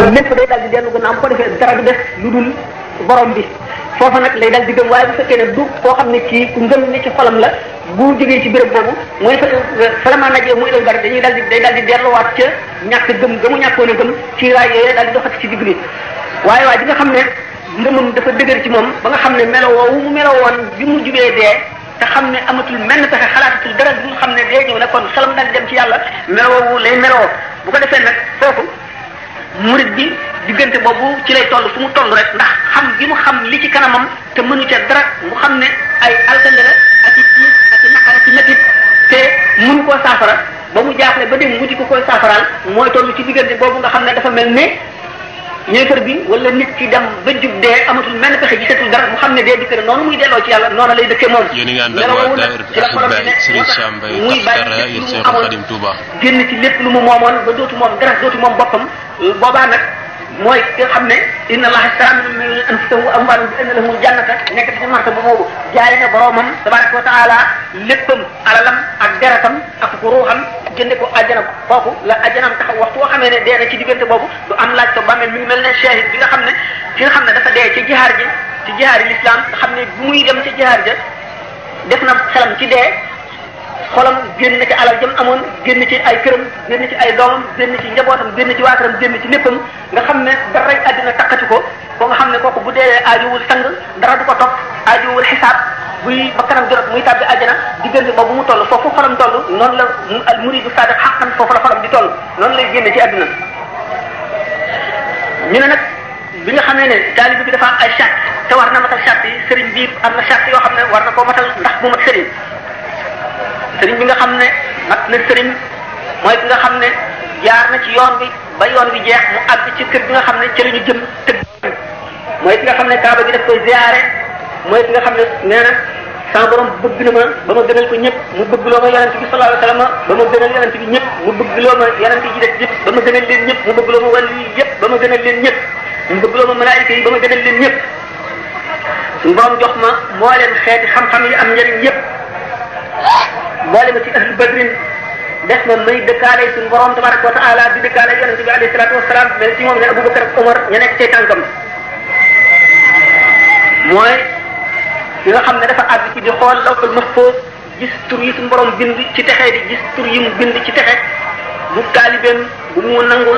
ginnaaw lépp day dal di dellu gannaaw bu ko defee dara du def lu dul borom bi foofa nag lay dal di gëm waaye bu fekkee ne du koo xam ne ci ku ngëm ne ci xolam la bu jógee ci béréb boobu mooy fa nag muy law dara dañuy dal di day dal di delluwaat ca ñàkk gëm gëmu ñàkkoon a gëm ci raay yooyu ci digg bi waaye waaye di nga xam ne ngëmam dafa dëgër ci moom ba nga xam ne melowoo wu mu melowoon bi mu jubee dee te xam ne amatul na pexe xalaatatul dara bi nga xam ne dee ñëw na kon xelam dal di dem ci yàlla melowoo wu lay melowoo bu ko defee nag foofu murid bi diggante boobu ci lay toll fu mu toll rek ndax xam gi mu xam li ci kanamam te mënu ca dara mu xam ne ay alkande la ak i tiis ak i naqar ak i métit te mënu koo saafara ba mu jaaxle ba dem mu di ko koy saafaraal mooy toll ci diggante boobu nga xam ne dafa mel ne yéefar bi wala nit ki dem ba jub dee amatul mel pexe gisatul dara mu xam ne dee dikk na noonu muy delloo ci yàlla noonu lay dëkkee moom melawoowu nag ci la borom bi ne moo tax muy bàyyi lépp lu mu amoon génn ci lépp lu mu moomoon ba dootu moom dara dootu moom boppam boobaa nag mooy ki nga xam ne inna allaha ishtara min anfusihim wa amwalihim bi anna lahumul jannata nekk ci martaba boobu jaay na boromam tabaraka wa taala léppam alalam ak deretam ak ko ruuxam jënde ko àjjana kooku la àjjanam taxaw waxtu woo xamee ne dee na ci diggante boobu du am laaj ko bàmmeel mi ngi mel ne shahid bi nga xam ne ki nga xam ne dafa dee ci jihaar ji ci jihaar yi l'islam nga xam ne bu muy dem ci jihaar ja def na xelam ci dee xolam génn na ci alal jëm amoon génn ci ay këram génn ci ay doomam génn ci njabootam génn ci waa këram génn ci léppam nga xam ne dara àddina takkati ko ba nga xam ne kooku bu deewee aajuwul sang dara du ko topp aajuwul xisaab buy ba kanam jot muy tàbbi àjjana diggante boobu mu toll foofu xolam toll noonu la al muridu sadiq xaqan foofu la xolam di toll noonu lay génn ci àddina ñu ne nag bi nga xamee ne taalibe bi dafa am ay charte te war na matal charte yi sëriñ bi am na charte yoo xam ne war na koo matal ndax bu mat sëriñ sëriñ bi nga xam ne mat na sëriñ mooy ki nga xam ne jaar na ci yoon bi ba yoon bi jeex mu bi ci kër bi nga xam ne ci la ñu jëm tëgg mooy ki nga xam ne kaaba gi def koy ziare mooy ki nga xam ne nee na sama borom bëgg na ma ba ma gënal ko ñëpp mu bëgg loo ma yonent bi sallallahu alayhi wasallam ba ma gënal bi ñëpp mu bëgg loo ma yonent yi def ñëpp ba ma gënal leen ñëpp mu bëgg loo ma yi ba ma gënal leen ñëpp mu bëgg loo malaayika yi ba ma gënal leen ñëpp suñu borom jox ma moo leen xeeti xam-xam yi am njëriñ yëpp boole ma ci ahlu badrin def ma may dëkkaale suñu borom tabaraka wa taala di dëkkaale yonente bi alayhi salaatu wasalaam mel ci moom ne Abubakar ak Omar ña nekk ci tànkam mooy li nga xam ne dafa àgg ci di xool lawhul mahfuz gis tur yi suñu bind ci texe di gis tur yi mu bind ci texe bu taalibeem bu mu nangu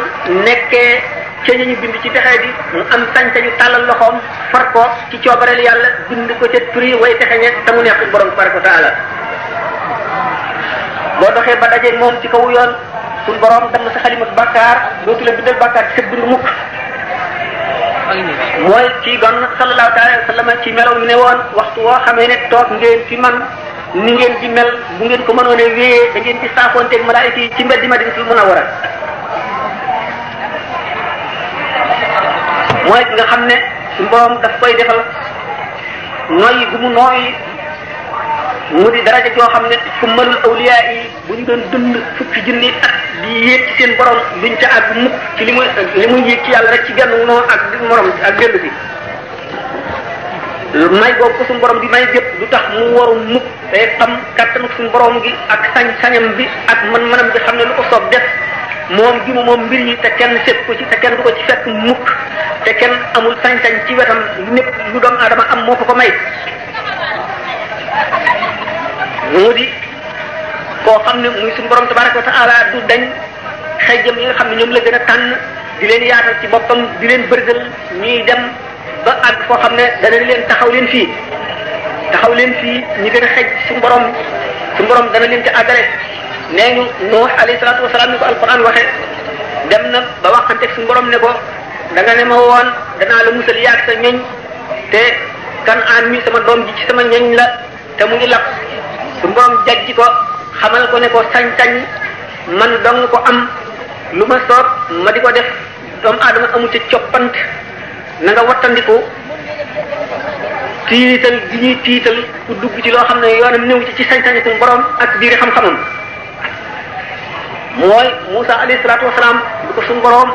nekkee ca ñu bind ci texe di mu am sañ-sañu tàllal loxoom far ko ci coobareel yàlla bind ko ca tur yi way texe ñe te mu neex suñu borom tabaraka wa boo doxee ba dajeeg moom ci kaw yoon suñ borom dem sa xalima bàkkaar dootu la bindal bàkkaar ci sa bind mukk mooy kii doon sallallahu taala ne woon waxtu woo xamee ne toog ngeen fi man ni ngeen di mel bu ngeen ko mënoon a wéyee da ngeen di saafoonteeg malaayika yi ci mbedd Madinatul Munawwara mooy ki nga xam ne suñ borom daf koy defal nooy gu nooy mu di daraja joo xam ne ku mënul awliyaa bu ñu doon dund fukki junni at di yéeg ci seen borom duñ ca àgg mukk ci li muy li muy yéeg ci yàlla rek ci genn noo ak morom ak genn bi may ko suñu borom bi may jëpp du tax mu waru mukk day xam kattanu suñu borom gi ak sañ-sañam bi ak man mënam bi xam ne lu ko soob def moom gi mu moom mbir yi te kenn seet ko ci te kenn du ko ci fekk mukk te kenn amul sañ-sañ ci wetam lu népp lu doomu aadama am moo ko ko may moo xam ne muy su borom tabaraka wa taala du dañ xëjjam yi nga xam ne ñoom la gën a tànn di leen yaatal ci boppam di leen bërgël ñuy dem ba àgg foo xam ne dana leen taxaw leen fii taxaw leen fii ñu gën a xëj suñu borom suñu borom dana leen ci àggale nee ñu Nuux alayhi salaatu wasalaam ni ko alquran waxe dem na ba waxante suñu borom ne ko da ne ma woon danaa la musal yaag sa ñoñ te kan aan mi sama doom ji ci sama ñoñ la te mu ngi lakk suñu borom jajji ko xamal ko ne ko sañ-sañ man dong ko am lu ma soob ma di ko def doomu aadama amu ci coppant na nga wattandiku tiital gi ñuy tiital ku dugg ci loo xam ne yoonam néew ci ci sañ-sañ suñu borom ak biir xam-xamam mooy Musa alayhi salaatu wasalaam du ko suñu borom.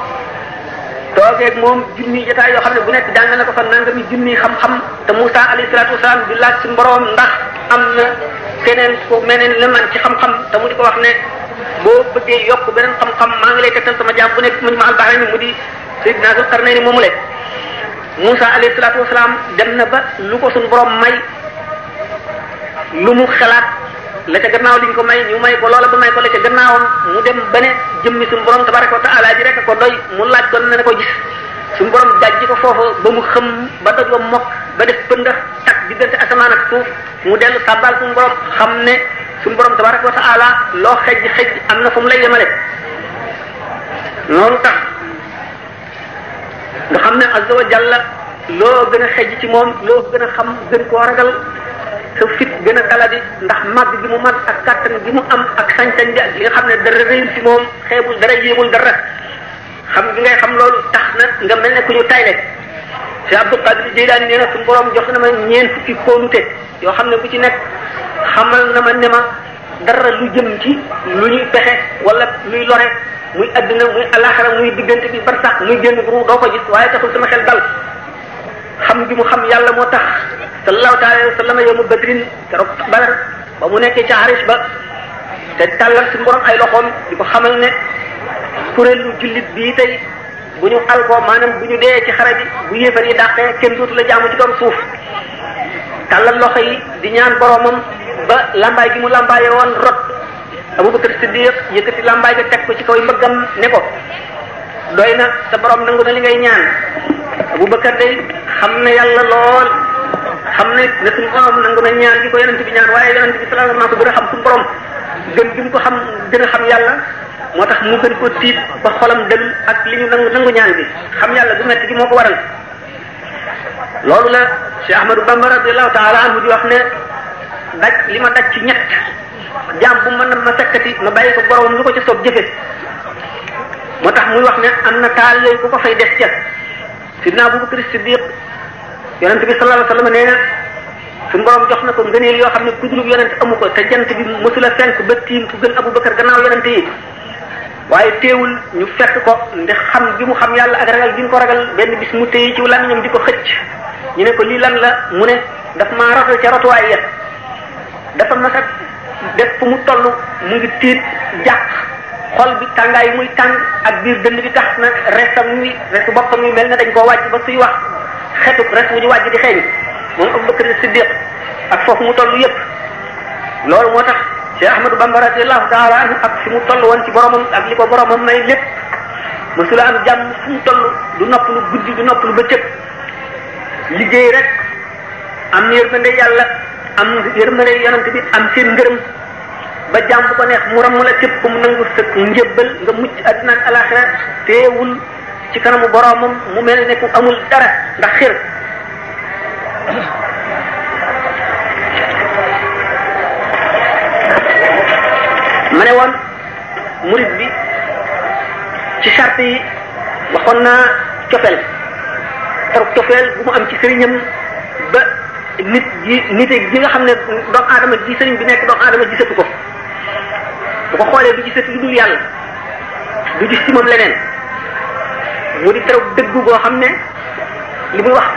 toogeeg moom junni jotaay yoo xam ne bu nekk jàng na ko fa nangami junni xam-xam te Moussa alayhi salaatu wasalaam di laaj suñu borom ndax am na keneen ko meneen la man ci xam-xam te mu di ko wax ne boo bëggee yokk beneen xam-xam maa ngi lay tegtal sama jaam bu nekk Majma'ul Bahrayni mu di Sayyidina Zul Qarnayni moomu le Moussa alayhi salaatu wasalaam dem na ba lu ko suñu borom may lu mu xalaat la ca gannaaw liñ ko may ñu may ko loola ba may ko la ca mu dem ba ne jëmmi suñu borom tabaraka wa ji rek ko doy mu laaj ko ne ne ko gis suñu borom dajji ko foofu ba mu xëm ba doj ba mokk ba def pëndax tak diggante asamaan ak mu dellu sàbbal suñu borom xam ne suñu borom tabaraka wa loo xej xej am na fu mu lay yemale noonu tax nga xam ne azza wa jalla loo gën a xej ci moom loo gën a xam gën koo ragal sa fit gën a daladi ndax màgg gi mu màgg ak kàttan gi mu am ak sañ-sañ bi ak li nga xam ne dara réyul si moom xeebul dara yéemul dara xam gi ngay xam loolu tax na nga mel ne ku ñu tayle si Abdul Qadir Jeylaani nee na suñu borom jox na ma ñeent fukki kóolute yoo xam ne ku ci nekk xamal na ma ne ma dara lu jëm ci lu ñuy pexe wala luy lore muy na muy alaxara muy diggante bi barsax muy génn bu doo ko gis waaye taxul sama xel dal xam gi mu xam yàlla moo tax a taala alayhi wa sallam yowma badrin keroog badar ba mu nekkee ca arish ba te tàllal suñu borom ay loxoom di ko xamal ne kuréelu jullit bii tey bu ñu alkoo maanaam bu ñu dee ci xare bi bu yéefar yi dàqee kenn dootu la jaamu ci kaw suuf tàllal loxo yi di ñaan boromam ba lambaay gi mu lambaaye woon rot Abubakar Siddiq yëkkati lambaay ga teg ko ci kaw yi mbëggam ne ko doy na sa borom nangu na li ngay ñaan Abubakar day xam ne yàlla lool xam ne ne suñu borom nangu na ñaan gi ko yonent bi ñaan waaye yonent bi sallallahu alayhi wasallam ko gën a xam suñu borom gën gi mu ko xam gën a xam yàlla moo tax mu gën ko tiit ba xolam dal ak li ñu nangu nangu ñaan bi xam yàlla bu metti gi moo ko waral loolu la Cheikh Ahmadou Bamba radiyallahu ta'ala anhu di wax ne daj li ma daj ci ñett jaam bu mën na ma sekkati ma bàyyi ko boromam lu ko ci soob jëfe moo tax muy wax ne am na taal yooyu ku ko fay def ca sidna Abubakar Siddiq yonent bi sallallahu alayhi wa sallam nee na suñu jox na ko ngëneel yoo xam ne ku dul yonent amu ko te jant bi mësula fenk ba tiim ku gën Abubakar gannaaw yonent yi waaye teewul ñu fekk ko ndax xam bi mu xam yàlla ak ragal bi mu ko ragal benn bis mu téye ci làmmiñam di ko xëcc ñu ne ko lii lan la mu ne daf maa rotal ca rotuwaay ya dafa mas a def fu mu toll mu ngi tiit jàq xol bi tàngaay muy tàng ak biir dënd bi tax na resam wi resu boppam wi mel na dañ koo wàcc ba suy wax xetu res wu ñu wàcc di xeeñ moom Abubakar Siddiq ak foofu mu toll yépp loolu moo tax Cheikh Ahmadou Bamba radiyallahu taala anhu ak fi mu toll woon boromam ak li ko boromam may lépp mësula am jàmm fu mu toll du nopp lu guddi du nopp lu bëccëg liggéey rek am na yàlla am yërmande yonent bi am seen ngërëm ba jàmm bu ko neex mu ramm la képp ku mu nangu sëkk njébbal nga mucc àddina ak alaxira teewul ci kanamu boroomam mu mel ne amul dara ndax xir ma ne woon murid bi ci charte yi waxoon naa cofeel torop cofeel bu mu am ci sëriñam ba nit ji nite gi nga xam ne doomu aadama ji bi nekk doomu aadama gisatu ko bu ko xoolee du gisati lu dul yàlla du gis ci moom leneen mu di teraw dëggu goo xam ne li muy wax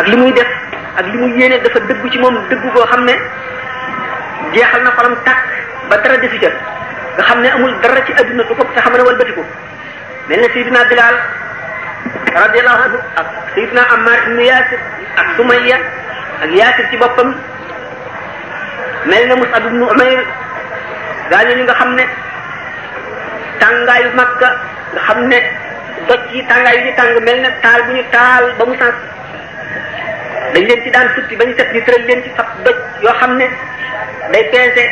ak li muy def ak li muy yéene dafa dëggu ci moom dëggu goo xam ne jeexal na xolam tàkk ba dara defi ca nga xam ne amul dara ci adduna du ko te xam ne wal batiku mel ne Seydina Bilal radiyallahu anhu ak Seydina Ammar ibn Yasir ak Sumayya ak Yasir ci boppam mel ne Mus'ab ibn Umayr gaañu ñi nga xam ne tàngaayu makka nga xam ne doj yi tàngaay yu ñu tàng mel ne taal bu ñu taal ba mu sànq dañ leen ci daan sutti ba ñu set ñu tëral leen ci fab doj yoo xam ne day peese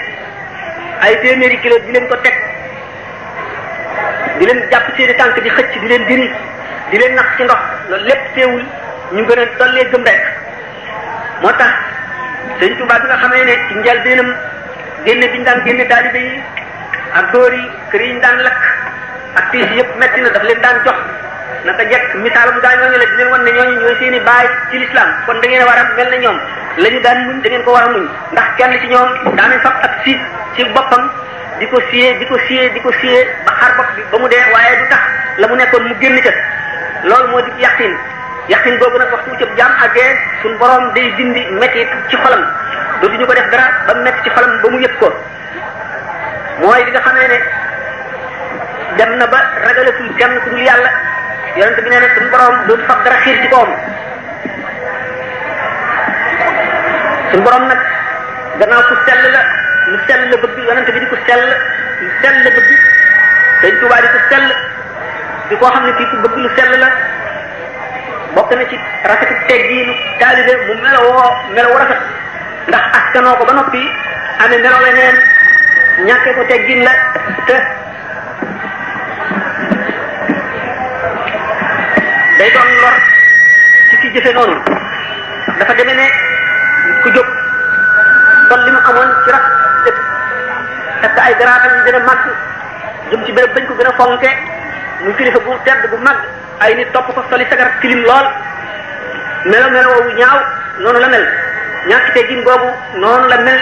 ay téeméeri kilo di leen ko teg di leen jàpp seeni tànk di xëcc di leen diri di leen nax ci ndox loolu lépp teewul ñu gën a dollee gëm rek moo tax sëñ Tuubaa bi nga xam ne ci njëlbeenam génne bi ñu daan génne taalibe yi ak dóor yi kër yi ñu daan lakk ak tiis yëpp metti na daf leen daan jox naka jekk misaal bu daa ñooñu la di leen wan ne ñooñu ñooy seen i baay ci lislaam kon da ngeen war a mel na ñoom la daan muñ da ko war a muñ ndax kenn ci ñoom daanañ fab ak siis ci boppam di ko siyee di ko siyee di ko siyee ba xar bopp bi ba mu dee waaye du tax la mu nekkoon mu génn ca loolu moo di yàqin yaqin boobu nag waxtu ci jaam àggee suñ borom day dindi métit ci xolam dootuñu ko def dara ba mu ci xolam ba mu yëg ko mooy li nga xamee dem na ba ragalatul kenn ku dul yàlla yonente bi nee na suñ borom dara xiir ci koom suñ borom nag gannaaw ku sell la lu sell la bëgg yonente bi di ku sell lu sell la bëgg dañ tubaab di ku koo xam ne kii ku sell la bokk na ci rafetu teggiinu taalibe mu melowoo melow rafet ndax askanoo ko ba noppi amee melow weneen ñàkkee ko teggin la te day doon lor ci ki jëfe noonu dafa demee ne ku jóg sol mu amoon ci raf te ay garaatam yu gën a màgg ci béréb bañ ko gën a fonke muy kilifa bu tedd bu màgg ay nit topp ko soli sagar tilim lool melo meloowu ñaaw noonu la mel ñàkk teggin boobu noonu la mel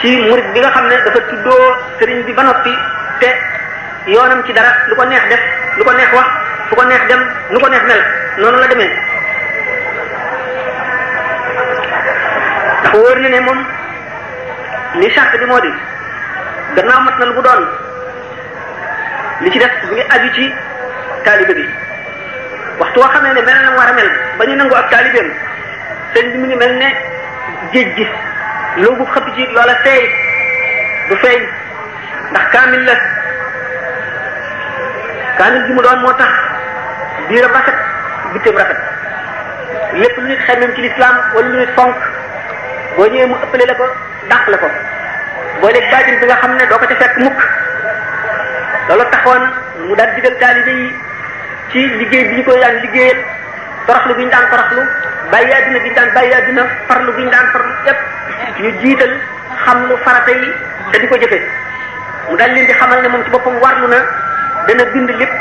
ci murid bi nga xam ne dafa tuddoo sëriñ bi ba noppi te yoonam ci dara lu ko neex def lu ko neex wax ko neex dem nu ko neex mel noonu la deme dafa wóor na ne moom li charte bi moo di gannaaw mat na lu mu doon li ci def mu aju ci taalibe bi waxtu woo xamee ne mel na war a mel ba ñu nangu ak taalibeem sëñ bi mu ngi mel ne géej gi loogu xëpp ji loola teey du feeñ ndax kaamil la kaamil gi mu doon moo tax biiram rafet bitteem rafet lépp lu nit xemem ci lislaam wala lu nit fonk boo ñëwee mu ëppale la ko dàq la ko boo leeg baatin bi nga xam ne doo ko ca fekk mukk loolu taxoon mu daal digal taalibe ci liggéey bi ñu koy daan liggéeyal toroxlu bi ñu daan toroxlu bàyyi àddina bi ñu daan bàyyi àddina farlu bi ñu daan farlu yépp ñu jiital xam lu farata yi te di ko jëfe mu daal leen di xamal ne moom ci boppam warlu na dana bind lépp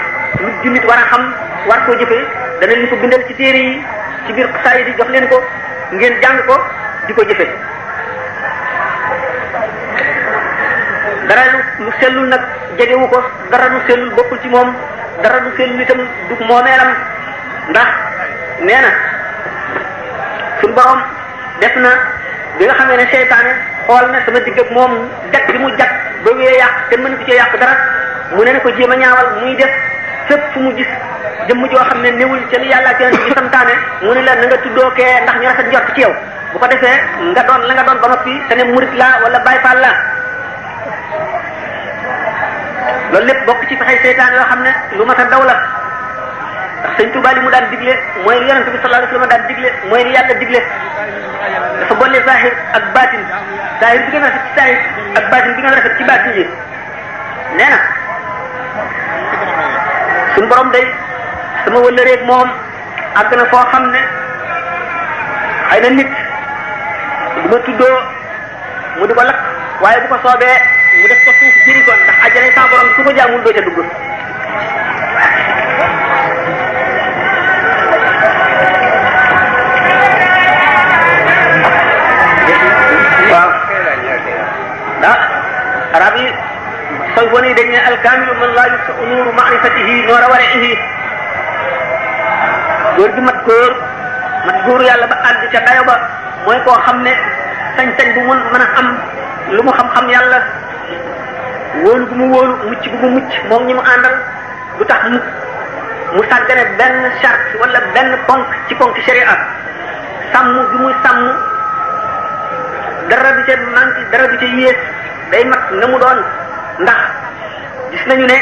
lu jullit war a xam war koo jëfe dana leen ko bindal ci téere yi ci biir saa yi di jox leen ko ngeen jàng ko di ko jëfe dara lu sellul nag jegewu ko dara lu sellul bokkul ci moom dara du seen tam du moomeelam ndax nee na suñ def na bi nga xam ne seytaane xool na sama digg ak moom jag bi mu jag ba wee yàq te man ko ci yàq dara mu ne na ko jéem a ñaawal muy def fépp fu mu gis jëmm joo xam ne newul ca li yàlla ak yonent bi santaane mu ne la na nga tuddoo kee ndax ñu rafet njort ci yow bu ko defee nga doon la nga doon ba noppi te ne murit la wala Baay Faal la loolu lépp bokk ci fexey seytaan yoo xam ne lu mat a daw la ndax sëñ Tuubaa mu daan digle mooy li yonente bi digle mooy li yàlla digle dafa boole zahir ak baatin zahir bi gën a rafet ci zahir ak baatin bi gën a rafet ci baatin yi nee na suñu borom day sama wëllëreeg moom xam ne xëy na nit bu ma mu di ko waaye bu ko soobee jëri kon ndax ajjana sa borom su ko jaamul doo ca dugg waaw ndax arab yi soy fo ni dañ ne alkaamilu man laa yusa nuuru maarifatihi noora wara ihi góor gi mat góor mat góor yàlla ba àgg ca dayo ba mooy koo xam ne sañ-sañ bu mun mën a am lu mu xam-xam yàlla wóolu bu mu wóolu mucc bu mucc moom ñi mu àndal lu tax mu mu sàggane benn charte wala benn ponk ci ponk sharia sàmm bi muy sàmm dara du ca manqué dara du ca yées day mag na mu doon ndax gis nañu ne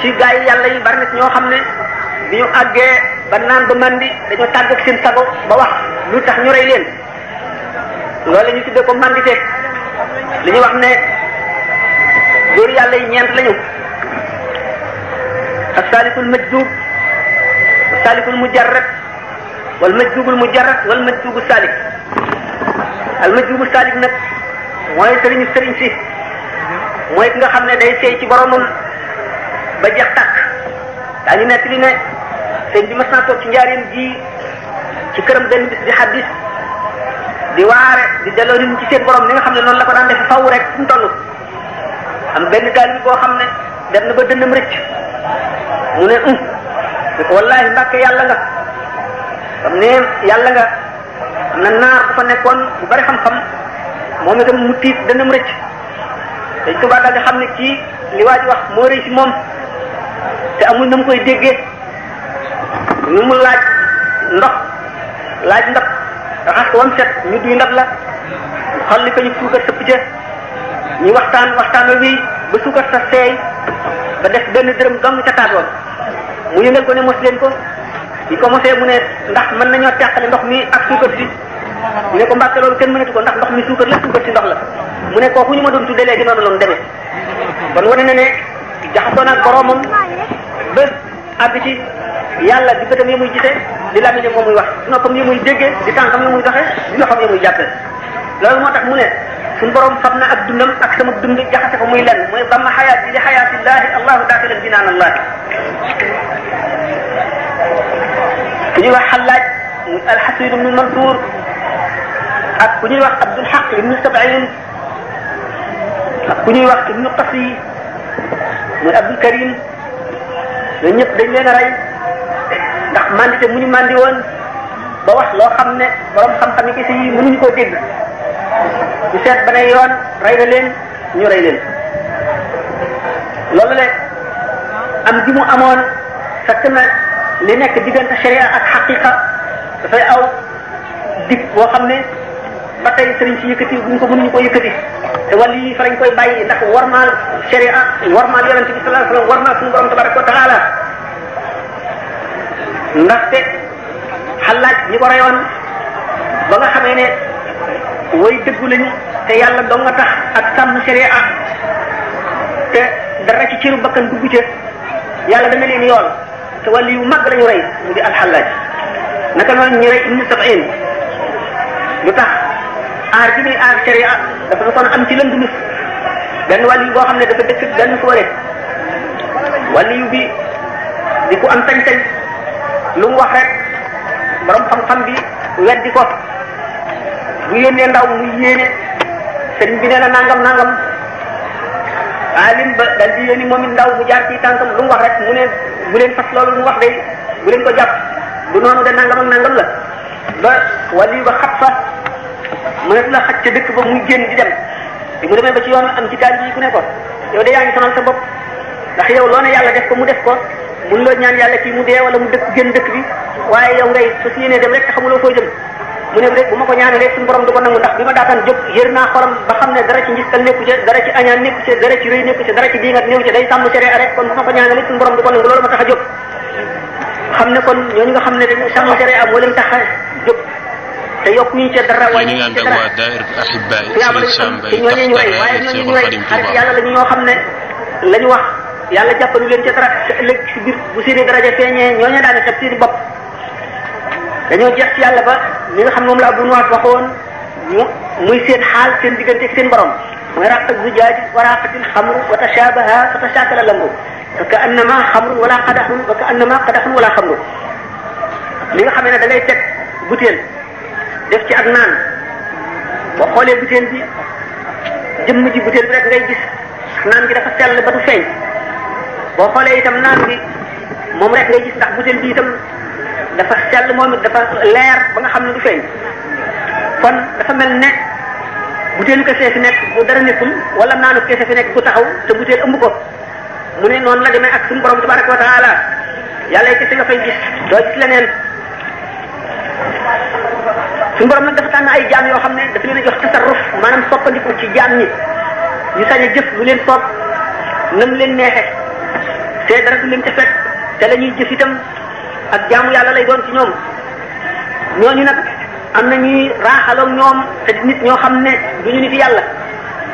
ci gaa yi yàlla yi bari na ñoo xam ne bi ñu àggee ba naan ba mandi dañoo tàgg ak seen sago ba wax lu tax ñu rey leen loolu ñu tuddee ko mandité li ñu wax ne góor yàlla yi ñeent lañu as-salikul majdub as-salikul mujarrad wal majdubul mujarrad wal majdubu salik al majdubu salik nag mooy sëriñu sëriñ si mooy ki nga xam ne day seey ci boromam ba jeex tàkk daañu nekk li ne sëñ bi mas naa toog ci njaareem ji ci këram benn bis di xaddis di waare di delloo nit ñi ci seen li nga xam ne noonu la ko daan defe faww rek am benn bi boo xam ne dem na ba dënnam rëcc mu ne um wallahi mbàkke yàlla nga xam ne yàlla nga am na naar fa nekkoon bu bari xam-xam moom itam mu tiit dënnam rëcc dañ ko xam ne kii li waa wax moo rëy ci moom te amul na mu koy déggee nu mu laaj ndox laaj ndab raxas ko wam set ñu duy ndab la xolli ko ñu puukar sëpp ca ñu waxtaan waxtaan wi wéy ba suukar sa seey ba def benn dërëm dong ca taatoo mu yëngal ko ne mos leen ko di ko mosee mu ne ndax mën nañoo teqale ndox mi ak suukar si ñu ne ko mbàkke loolu kenn mënatu ko ndax ndox mi suukar la suukar si ndox la mu ne kooku ñu ma doon tuddee léegi noonu la mu demee kon wane na ne jaxasoo nag boromam ba abiti yàlla di bëtam yi muy gisee di làmmiñam moom muy wax di noppam yi muy déggee di tànkam yi muy doxee di xam yi muy jàppee loolu moo tax mu ne suñu borom fab na ak dundam ak sama dund jaxase ko muy lenn muy damma xayaat bi li xayaatillahi allahu daaxilan binaan allah ku ñuy wax xallaaj muy alxasin ibnu mansour ak ku ñuy wax abdul xaq ibnu sabain ak ku ñuy wax ibnu qasi muy abdul karim ñooñu ñëpp dañ leen a rey ndax mandité mu ñu mandi woon ba wax loo xam ne borom xam-xam yi kese yi mënuñu koo dégg ñu seet ba ne yoon rey na leen loolu le am gi mu amoon fekk na li nekk diggante sharia ak xaqiqa dafay aw dig boo xam ne ba tey sëriñ si yëkkati buñ ko mënuñu ko yëkkati te wàll yi fa lañ koy bàyyi ndax warmaal sharia warmaal yonente bi sallallahu alayhi wasallam warmaal suñu way dëggu lañu te yàlla dong nga tax ak sàmm sharia te dara ci cëru bakkan duggu ca yàlla dana leen yool te wàllu yu mag rey mu di alxallaaj naka noonu ñu rey ibnu sab'in lu tax aar bi muy aar sharia dafa nga kon am ci lënd mis benn wàllu yu boo xam ne dafa dëkk benn foore wàllu bi di ku am sañ-sañ lu mu wax rek borom xam bi weddi ko mu yónnee ndaw mu muy yéene sëriñ bi nee na nangam nangam alim ba dal di yónni moom it ndaw bu jaar ci tànkam lu mu wax rek mu ne bu leen fas loolu lu mu wax day mu leen ko jàpp du noonu de nangam ak nangam la ba wali ba xat fa mënatu la xaj ca dëkk ba muy génn di dem te mu demee ba ci yoon am ci taalibe yi ku ne ko yow de yaa ngi sonal sa bopp ndax yow loo ne yàlla def ko mu def ko mun loo ñaan yàlla kii mu dee wala mu dëkk génn dëkk bi waaye yow ngay fas yéene dem rek te xamuloo fooy jëm mu ne rek bu ma ko ñaanalee suñu du ko nangu ndax bi ma daataan jóg yër naa xolam ba xam ne dara ci njistal nekku nekku ca dara ci rëy nekku ca dara ci diingat néew ca rek kon ma ko ñaanalee suñu du ko nangu loolu tax a xam ne kon ñooñu nga xam ne dañu sàmm cere am moo leen tax a jóg te yokk ñu ca dara waaye ñu ca dara yaa ma ci ñooñu ñu way waaye ñooñu ñu ne wax yàlla jàppalu leen ca dara ëllëg si biir bu seeni daraja feeñee ñooñu daal di xeb dañoo jeex ci yàlla ba li nga xam moom la Abu Nuwaas waxoon mu muy seen xaal seen diggante ak seen borom mooy raqat zujaaj wa raqatil xamru wa tashabaha fa tashaakala lamru fa ka annama xamrun wala qadaxun fa ka annama qadaxun wala xamru li nga xamee ne da ngay teg butéel def ci ak naan boo xoolee butéel bi jëmm ji butéel bi rek ngay gis naan gi dafa sell ba du feeñ boo xoolee itam naan bi moom rek ngay gis ndax butéel bi itam dafa sell moom it dafa leer ba nga xam ne du feeñ kon dafa mel ne butéelu kese fi nekk bu dara nekkul wala naanu kese fi nekk bu taxaw te butéel ëmb ko mu ne noon la demee ak suñu borom tabaraka wa taala yàlla kese nga fay gis doo gis leneen suñu borom nag dafa tànn ay jaam yoo xam ne dafa leen a jox tasarruf maanaam soppandiku ci jaam ñi ñu sañ a jëf lu leen soob nam leen neexe te dara du leen ca fekk te la ñuy jëf itam ak jaamu yàlla lay doon ci ñoom ñooñu nag am na ñuy raaxaloog ñoom te nit ñoo xam ne duñu nit yàlla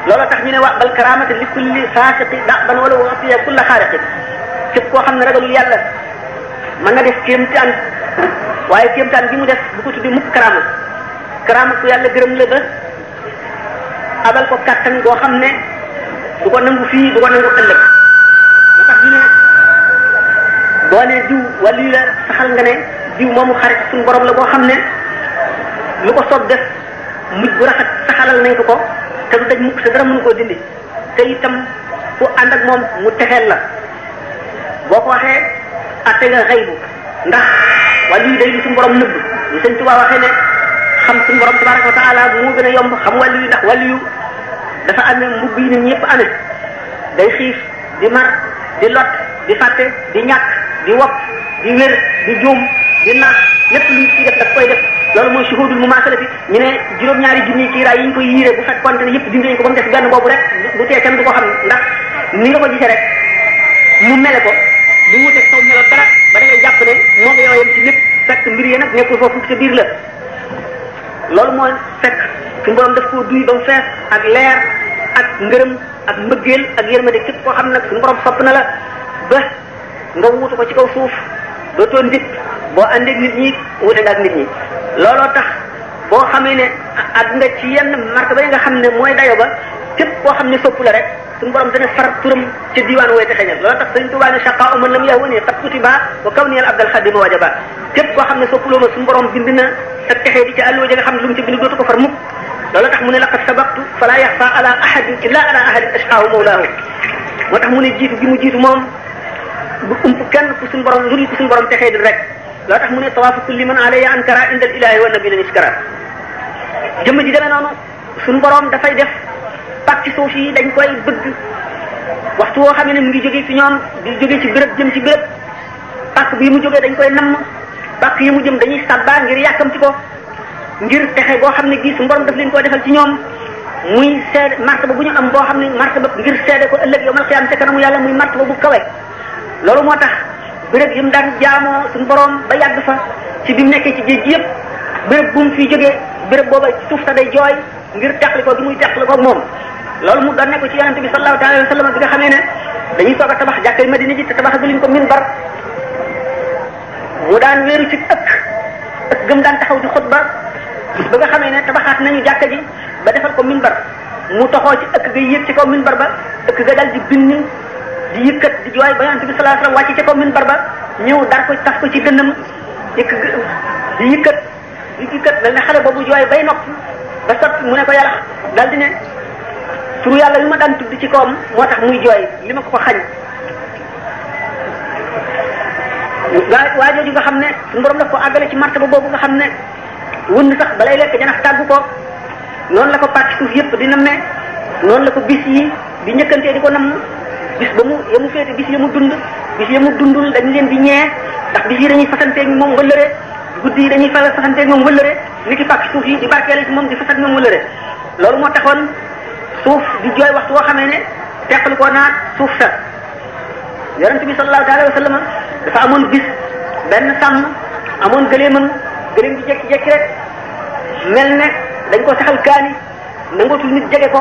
loola tax ñu ne wa bal karaamata li kulli faasiqi da'ban wala wasiya kulla xaariqi képp koo xam ne ragalul yàlla man na def kéemtaan waaye kéemtaan bi mu def bu ko tuddi mukk karaama karaama ku yàlla gërëm la ba abal ko kàttan goo xam ne du ko nangu fii du ko nangu ëllëg lu tax ñu ne boo nee diw wala lii la saxal nga ne diw moom xarit suñu borom la boo xam ne lu ko soog def mujj bu rafet saxalal nañ ko ko te du daj mukk sa dara mënu koo dindi te itam ku ànd ak moom mu texeel la boo ko waxee atte nga xëybu ndax yi day li suñu borom nëbb ñu sëñ Tuubaa waxee ne xam suñu borom tabaraka wa xam wàllu yi ndax wàllu yu dafa amee mbubb yi nit ñëpp amee day xiif di mar di lot di fàtte di ñàkk di wopp di wér di juum di nax lépp luy ci def daf koy def loolu mooy shuhudul mumaasala bi ñu ne juróom-ñaari junni kiiraay yi ñu koy yiire bu fekkoonte yëpp dindi ko ba mu def benn boobu rek bu ko xam ndax ni nga ko gisee rek mu mele ko du mu teg taw melo dara ba da ngay jàpp ne moom yow yam ci lépp mbir nag nekkul foofu ci biir la loolu mooy fekk suñu borom daf koo duy ba mu fees ak leer ak ngërëm ak mbëggeel ak yërmande képp koo xam nag suñu borom sopp na la ba nga wuutu ko ci kaw suuf dootoo nit boo àndeeg nit ñi wute nga ak nit ñi looloo tax boo xamee ne ak nga ci yenn marque ba nga xam ne mooy dayo ba képp koo xam ne fëpp la rek suñu borom dana far turam ca diwaan wooy texeñal looloo tax sëñ Tuubaa ne chaqa man lam yahwani qad kutiba wa kawni al abdal xadima wajaba képp koo xam ne fëpp loo ma suñu borom bind na sa texee di ca àlluwa ja nga xam ne lu mu ci bind dootu ko far mukk looloo tax mu ne laqad sabaqtu fala yaxfa ala ahadin illa ci ahadin ashqaahu mawlaahu moo tax mu ne jiitu mu jiitu moom bu ump kenn ku suñu borom lu dul borom texee dul rek loo tax mu ne tawaafu kulli man alayya ankara indal ilahi wa nabi niskara jëmm ji demee noonu suñu borom dafay def pàcc suuf yi dañ koy bëgg waxtu woo xam ne mu ngi jógee ci ñoom di jógee ci béréb jëm ci béréb pàcc bi mu jógee dañ koy namm pàcc yi mu jëm dañuy sàbbaa ngir yàkkamti ko ngir texe boo xam ne gii suñu borom daf leen koo defal ci ñoom muy seede martaba bu ñu am boo xam ne martaba ngir seede ko ëllëg yowmal xiyaam ca kanamu yàlla muy martaba loolu moo tax béréb yi mu daan jaamoo suñu borom ba yàgg fa ci bi mu nekkee ci géej gi yëpp béréb bu mu fiy jógee béréb booba suuf sa day jooy ngir teqli ko gi muy teqli ko moom loolu mu doon nekk ci yonente bi sallallahu taala wa sallam bi nga xamee ne dañuy soog a tabax jàkkay madina ji te tabaxaguñ ko minbar mu daan wéeru ci ëkk ëkk gëm daan taxaw di xutba ba nga xamee ne tabaxaat nañu jàkka ji ba defal ko minbar mu toxoo ci ëkk ga yéeg ci kaw minbar ba ëkk ga dal di bind di yëkkat di jooy ba yonent bi sallallahu alayhi wasallam wàcc ca kaw minbar ba ñëw dar ko taf ko ci dënnam yëkk di yëkkat di yëkkat mel ne xale boobu jooy bay nopp ba sot mu ne ko yàlla di ne turu yàlla yu ma daan tudd ci kawam moo tax muy jooy li ma ko ko xañ gaa waa jooju nga xam ne suñu borom daf ko àggale ci martaba boobu nga xam ne wënd sax balay lekk janax tàggu ko noonu la ko pàcc suuf yëpp di nammee noonu la ko bis yi di njëkkantee di ko namm bis ba mu ya mu féete bis ya dund bis ya mu dundul dañ leen di ñee ndax bis yi dañuy fasanteeg moom wëllëre guddi yi dañuy fala fasanteeg moom wëllëre ni ki fàkk suuf yi di barkeele si loolu moo taxoon suuf di jooy waxtu woo xamee ne teqal koo naat suuf sa yonent bi sallallahu alayhi wa sallam dafa amoon bis benn sàmm amoon gëleemam gëleem gi jekki-jekki rek mel ne dañ ko saxal kaani nangootul nit jege ko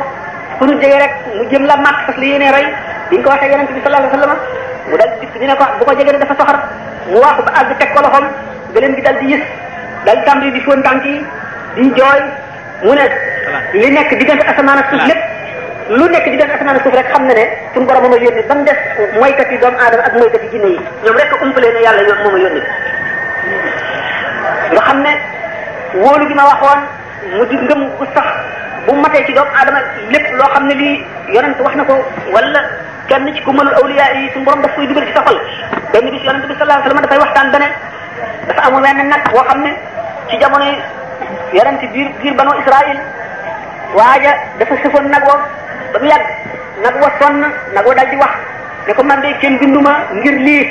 fu nu jege rek mu jëm la mat parce que yéene rey biñ ko waxee yonente bi sallallahu alayhi wasallam mu dal dikk ñu ko bu ko jegee dafa soxor mu waaxu ba àgg teg ko loxoom gëlëm bi dal di yës dal tàmbali di fóon tànk yi di jooy mu ne li nekk diggante asamaan a suuf lépp lu nekk diggante asamaan ak suuf rek xam na ne suñu borom mooma yónni ba mu des moykat yi doomu aadama ak moykat yi jinne yi ñoom rek umpalee ne yàlla yoon mooma yónni nga xam ne wóolu gi ma waxoon mu di ngëm gu sax bu matee ci doomu aadama lépp loo xam ne lii yonent wax na ko wala kenn ci ku mënul awliya yi suñu borom daf koy dugal ci sa xol benn bis yonent bi sallallahu alayhi wasallam dafay waxtaan bene dafa amul wenn nag boo xam ne ci jamono yonent biir biir banu Israël waaja dafa sëfoon nag woo ba mu yàgg nag wa sonn nag wa dal di wax ne ko man de kenn binduma ngir lii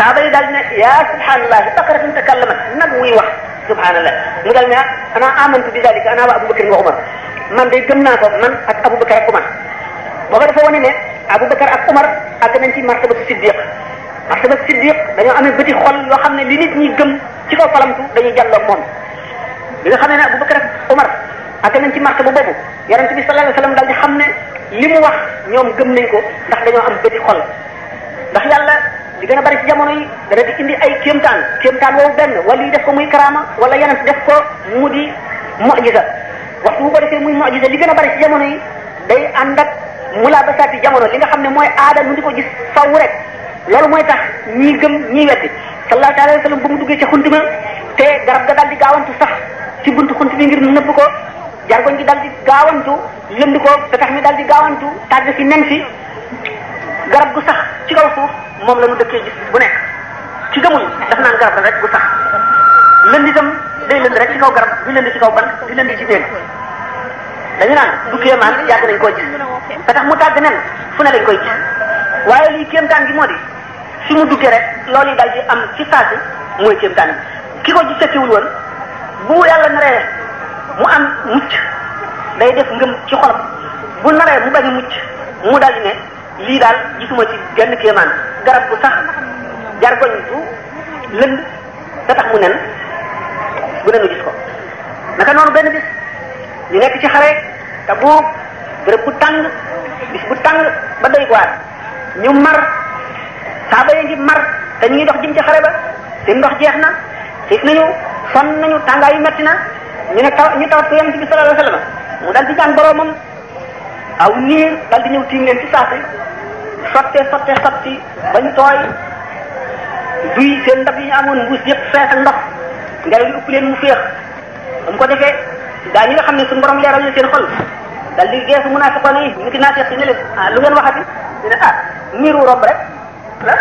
saaba yi daal di ne yaa subhanallah bakaratan takallamat nag muy wax subhanallah mu dal ne ana amantu bi dalika ana wa abubakar wa umar man day gëm naa ko man ak abubakar ak umar booba dafa wane ne abubakar ak umar àgg nañ ci martaba siddiq martaba siddiq dañoo amee bëti xol yoo xam ne li nit ñi gëm ci ko falamtu dañuy jàlloog moom li nga xam ne ne abubakar ak umar àgg nañ ci martaba boobu yonente bi sallallahu alayhi wasallam daal di xam ne li mu wax ñoom gëm nañ ko ndax dañoo am bëti xol ndax yàlla li gën a bari ci jamono yi dana di indi ay kéemtaan kéemtaan woowu benn wala yi def ko muy karaama wala yeneen def ko mu di mu'jiza waxtu bu ko defee muy mu'jiza li gën a bari ci jamono yi day ànd ak mulaabasaati jamono li nga xam ne mooy aada nu di ko gis faww rek loolu mooy tax ñii gëm ñii weddi sallallahu alayhi wa sallam bu mu duggee ca xunt ma te garab ga daal di gaawantu sax ci buntu xunt bi ngir nëbb ko jargoñ gi daal di gaawantu lënd ko te tax mi daal di gaawantu tàgg si nen si garab gu sax ci kaw suuf moom la mu dëkkee gis bu nekk ci gëmuñu daf naan garab la rek gu sax lënd dem day lënd rek ci kaw garab di lënd ci kaw ban di lënd ci benn dañu naan du maan yàgg nañ koo gis te tax mu tàgg nen fu ne lañ koy gis waaye lii kéemtaan gi moo di si mu duggee rek loolu dal daal di am ci saasi mooy kéemtaan ki ko gisatiwul woon bu yàlla naree mu am mucc day def ngëm ci xolam bu naree mu bañ a mucc mu daal di ne lii daal gisuma ci genn kéemaan garab bu sax jargoñ bu lënd da tax mu nen bu nenu gis ko naka noonu benn bis ñu nekk ci xare te bu bërëb bu tàng bis bu tàng ba doy waar ñu mar saaba yi ngi mar te ñu ngi dox jëm ci xare ba seen ndox jeex na xiif nañu sonn nañu tàngaay yu metti na ñu nekk taw ñu tawat ko yonent bi sallallahu alayhi wasallam mu dal di jaan boroomam aw niir dal di ñëw tiim leen ci saasi sotte sotte sotti bañ tooy duy seen ndab yi ñu amoon mbuus yëpp fees ak ndox ngelaw li ëpp leen mu féex ba mu ko defee gaa ñi nga xam ne suñu borom leeral na seen xol dal di geesu munaafiqoon yi ñu ngi naatee si ne leen ah lu ngeen waxati dina ah miiru romb rek la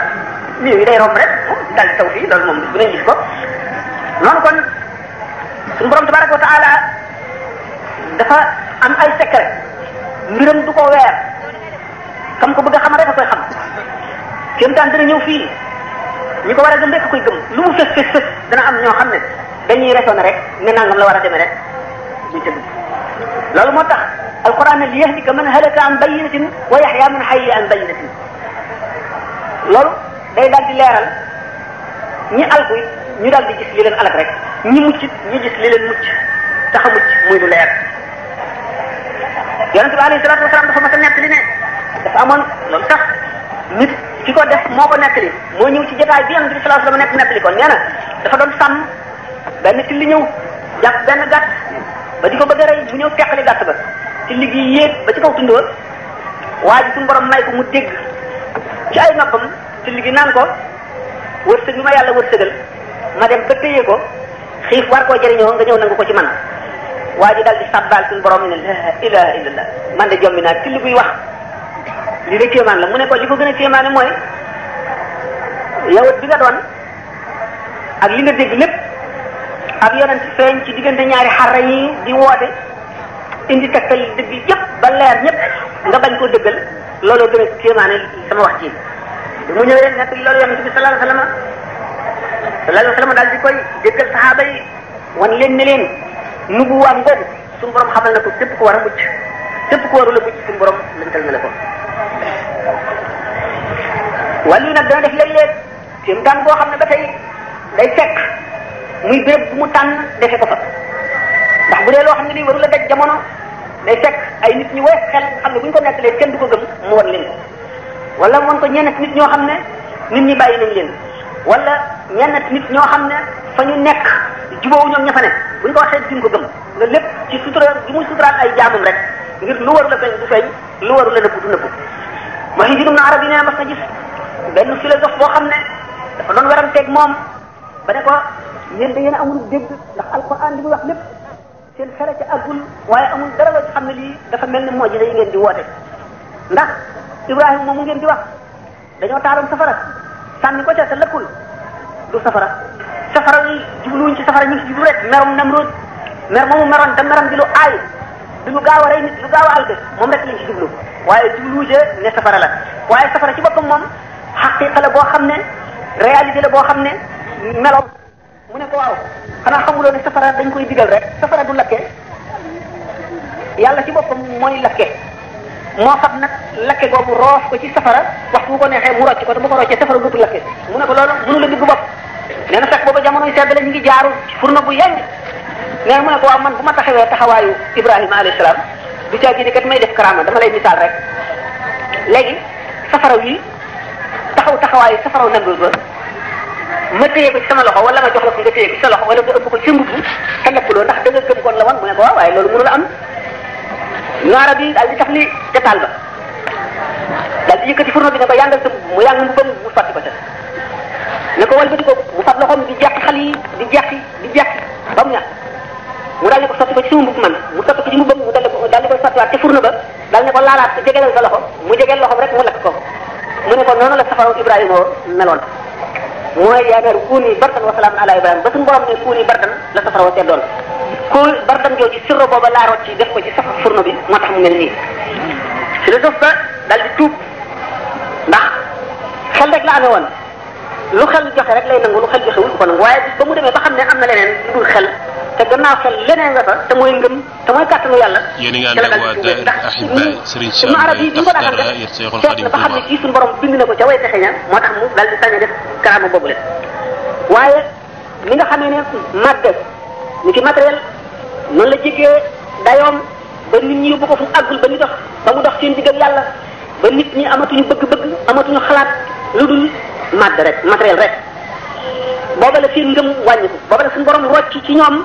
miir yi day romb rek dal di taw fii loolu moom bu ngeen gis ko noonu kon suñu borom tabaraka wa taala dafa am ay secret mbiram du ko weer xam ko bëgg xam rek a koy xam kéem taan dana ñëw fii ñi ko war a gëm rek koy gëm lu mu fës fës fës dana am ñoo xam ne dañuy raisonné rek ne nangam la war a demee rek loolu moo tax alquran ne li yahlika man halaka an bayyinatin wa yahya man hayya an bayyinatin loolu day daal di leeral ñi alku ñu daal di gis li leen rek ñi mucc ñu gis li leen mucc tax muy lu leer yonente bi alayhi salatu wasalaam dafa mas a nekk li dafa amoon loolu tax nit ci ko def moo ko nettali moo ñëw ci jotaay bi yonent bi sallallahu alayhi wasallam nekk nettali ko nee na dafa doon sàmm benn till ñëw jàpp benn gàtt ba di ko bëgg a bu ñëw teqali gàtt ba till gi yéeg ba ci kaw tundóor waa ji suñu borom may ko mu dégg ci ay noppam till gi nan ko wërsëg bi ma yàlla wërsëgal ma dem ba téye ko xiif war koo jëriñoo nga ñëw nangu ko ci man waa ji dal di sàbbaal suñu borom ne la ilaha illallah man de jommi naa till wax lii de kéemaan la mu ne ko li ko gën a kéemaane mooy yawut bi nga doon ak li nga dégg lépp ak yonent feeñ ci diggante ñaari xarra yi di woote indi tegtal dëgg yëpp ba leer ñëpp nga bañ koo dëggal looloo gën a kéemaane sama wax ji mu ñëwee nekk loolu yonent bi sallallahu alayhi wa sallam sallallahu alayhi wa sallam daal di koy déggal saxaaba yi wan leen ne leen nubuwaam ngoogu suñu borom xamal na ko képp ko war a mucc képp ko warul a mucc wàllu yi nag dana def léeg-léeg boo xam ne ba tey day fekk muy béréb bu mu tànn defe ko fa ndax bu dee loo xam ne nii waru la daj jamono day fekk ay nit ñu woyof xel xam ne bu ñu ko nettalee kenn du ko gëm mu wan leen ko wala ko ñenn nit ñoo xam ne nit ñi bàyyi nañ leen wala ñenn nit ñoo xam ne fa nekk jubóowu ñoom ña fa ne bu ñu ko waxee duñ lépp ci sutura bi muy ay jaamam rek ngir lu waru la feeñ du feeñ lu waru la nëbbu du nëbbu mooy Ibnu Arabi nee na mas na gis benn philosophe boo xam ne dafa doon waranteeg moom ba ne ko yéen da yéen amul dégg ndax alquran li muy wax lépp seen xere ca àggul waaye amul dara loo ci xam ne lii dafa mel ni mojisa yi ngeen di woote ndax Ibrahima moomu ngeen di wax dañoo taaram safara sànni ko ca te lëkkul du safara safara yi jubluwuñ ci safara ñu ngi ci jublu rek merum Namrud mer moomu meroon te meram di lu aay di lu gaaw a rey nit lu gaaw a albe moom rek lañ ci jublu waaye jubluwujee ne safara la waaye safara ci boppam moom xaqiqa la boo xam ne réalité la boo xam ne melaw mu ne ko waaw xanaa xamuloo ne safara dañ koy digal rek safara du lakke yàlla ci boppam mooy lakke moo fab nag lakke googu roof ko ci safara waxtu ko ne neexee mu rocc ko te bu ko roccee safara gudd lakke mu ne ko loolu mënu la digg bopp nee na fekk booba jamonoy sedd la ñu ngi jaaru furna bu yeng nee na mu ne ko waaw man bu ma taxawee taxawaayu ibrahima alayhi salaam du caa ji kat may def karaama dama lay misaal rek léegi safara taxaw taxawaayu safaraw nangu ba ma téye ko ci sama loxo wala ma jox la ko nga téye ko ci sa loxo wala nga ëpp ko ci sa mbubb te lekkuloo ndax da nga gëm kon la woon mu ne ko waaw waaye loolu mënu la am noara bi daal di tax li ca taal ba daal di yëkkati fourneau bi ne ko yàngal sa mbubb mu yàng mbubbam mu sotti ko ca ne ko wal ba di ko mu fab loxoom di jeq xal yi di jeqi di jeqi ba mu ñàkk mu daal ne ko sotti ko ci sama mbubb man mu sotti ko ci mbubbam mu daal di ko daal di koy sottiwaat ca fourneau ba daal ne ko laalaat jegelal sa loxo mu jegeel loxoom rek mu lakk ko mu ne ko noonu la safaru Ibrahima meloon mooy yaakaar kuuni bardan wa salaamun ala Ibrahima ba suñu borom ne kuuni bardan la safara wa seddoon kuuni bardan jooju sirro booba laa rocc def ko ci safa furno bi moo tax mu mel nii. philosophe ba dal di tuub ndax xel rek la amee woon lu xel joxe rek lay nangu lu xel joxe wul ko waaye ba mu demee ba xam ne am na leen lu dul xel. te naa xel leneen nga fa te mooy ngëm te mooy kàttanu yàlla. yéen a ngi ànd ak waa Daara Ahibba Serigne Sam ba xam ne kii suñu borom bind na ko ca way pexe moo tax mu daal di sañ def karaama boobu leen waaye li nga xamee ne màgg ni ki matériel noonu la jegee dayoom ba nit ñi yóbbu ko fu mu àggul ba ñu dox ba mu dox seen diggal yàlla ba nit ñi amatuñu bëgg-bëgg amatuñu xalaat lu dul màgg rek matériel rek booba la seen ngëm wàññiku booba la suñu borom rocc ci ñoom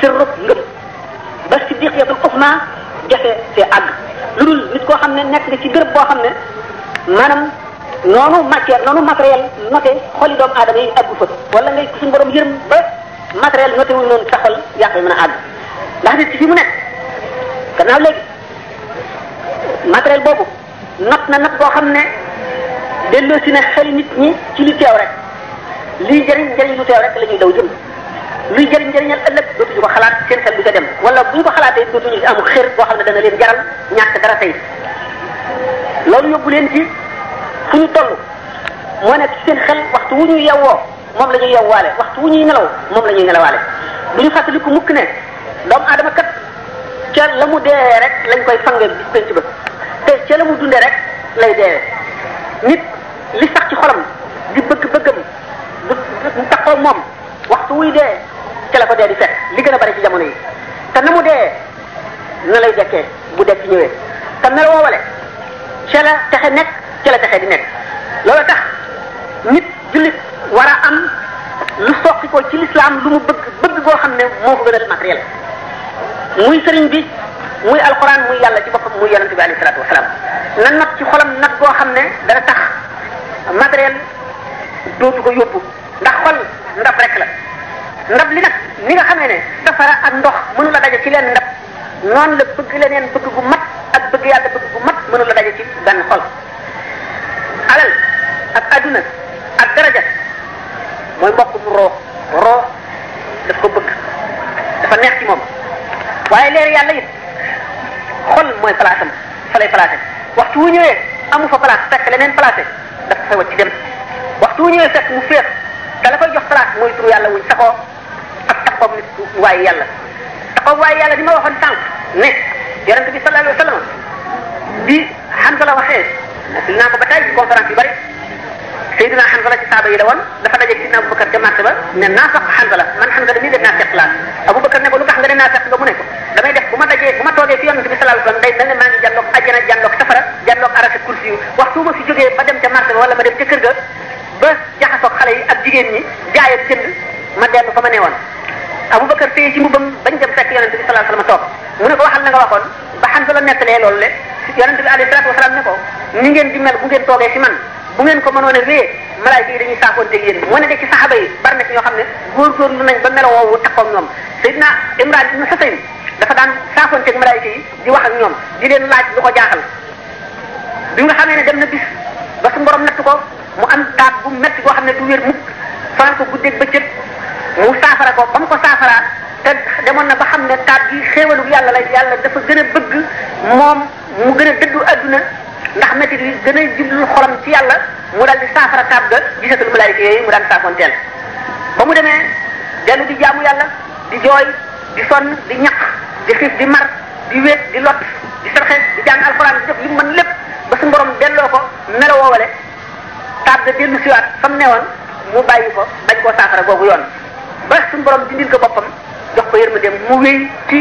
sirrub ngëm ba siddiqiyatul usma jafe see àgg lu dul nit koo xam ne nekk nga ci béréb boo xam ne maanaam noonu matière noonu matériel noté xoli doomu aadama yi àggu fa wala ngay suñu borom yërëm ba matériel noté wul noonu sa xol yaa koy mën a àgg ndax nit ci mu nekk gannaaw léegi matériel boobu not na nag boo xam ne delloosi na xel nit ñi ci lu teew rek lii jëriñ jëriñ lu teew rek la ñuy daw jëm luy jëriñ jëriñal ëllëg dootuñu ko xalaat seen xel du ca dem wala bu ñu ko xalaatee dootuñu ci am xër boo xam ne dana leen jaral ñàkk dara tey loolu yóbbu leen ci fu ñu toll moo nekk seen waxtu wu ñuy yewwoo moom la ñuy yewwaale waxtu wu ñuy nelaw ñuy nelawaale du ñu fàttaliku mukk ne doomu aadama kat ca la mu dee rek lañ koy fange bis penc ba te ca la mu dundee rek lay deewee nit li sax ci xolam di bëgg bëggam du taxoo moom waxtu wuy dee ca la ko dee di fekk li gën a bari ci jamono yi te na mu dee na lay dekkee bu dekk ñëwee te na la woowale ca la texe nekk ca texe di nekk loolu tax nit jullit war a am lu soqi ko ci lislaam lu mu bëgg bëgg boo xam ne moo ko gën a matériel muy sëriñ bi muy alquran muy yàlla ci boppam muy yonente bi alayhi salaatu wasalaam na nag ci xolam nag boo xam ne dana tax matériel dootu ko yóbbu ndax xol ndab rek la ndab li nag ni nga xamee ne safara ak ndox mënu la daje ci leen ndab noonu la bëgg leneen bëgg gu mat ak bëgg yàlla bëgg gu mat mënu la daje ci benn xol alal ak adduna ak daraja mooy mbokk mu roo roo daf ko bëgg dafa neex ci moom waaye leer yàlla it xol mooy place am fa lay placé waxtu wu ñëwee amu fa place fekk leneen placé daf ko fa wacc dem waxtu wu ñëwee fekk mu féex te la koy jox place mooy turu yàlla wuñ saxoo taxaw waayu yàlla taxaw waayu yàlla di ma waxoon tànk ne yonente bi sallallahu alayhi wa sallam bi Hamza la waxee mosul naa ko ba tey ci conférence yu bari Seydina Hamza la saaba yi la woon dafa daje Seydina Abubakar ca marché ba ne naa sax Hamza la man Hamza la mii def naa seq laa Abubakar ne ko lu tax nga ne naa seq nga mu ne ko damay def bu ma dajee bu ma toogee fi yonente bi sallallahu alayhi wa sallam day mel ne maa ngi jàlloog àjjana jàlloog safara jàlloog arasa kursi yu waxtu ma fi jógee ba dem ca wala ma dem ca kër ba jaxasoo xale yi ak jigéen ñi jaay ak jënd ma dellu fa ma newoon Abubakar téye ci mbubam bañ dem fekk yonente bi sallallahu toog mu ne ko waxal na nga waxoon ba xam la nettalee loolu le yonente bi ne ko ni ngeen di mel bu ngeen toogee ci man bu ngeen ko mënoon a rée malaayka yi dañuy saakoonteeg ne de ci saxaba yi bari na ci ñoo xam ne góorgóorlu nañ ba melo woowu takkoog ñoom Seydina Imran sa Husayn dafa daan saakoonteeg malaayka yi di wax ak ñoom di leen laaj lu ko jaaxal bi nga xamee ne dem na bis ba su borom natt ko mu am taat bu metti boo xam ne du wér mukk fanaan ko guddeeg bëccëg mu saafara ko ba mu ko saafaraat te demoon na ba xam ne taat gi xéewalu yàlla la yàlla dafa gën a bëgg moom mu gën a dëddu adduna ndax métit yi gën a jublu xolam ci yàlla mu dal di saafara taat ga gisatul malaayika yooyu mu daan saafoon teel ba mu demee dellu di jaamu yàlla di jooy di sonn di ñaq di xiif di mar di wéet di lot di sarxe di jàng alxuraan di def li mu mën lépp ba su borom delloo ko melo woowale taat ga dellu siwaat fa mu newoon mu bàyyi ko bañ koo saafara googu yoon ba suñu borom dindil ko boppam jox ko yërmandeem mu wéy ci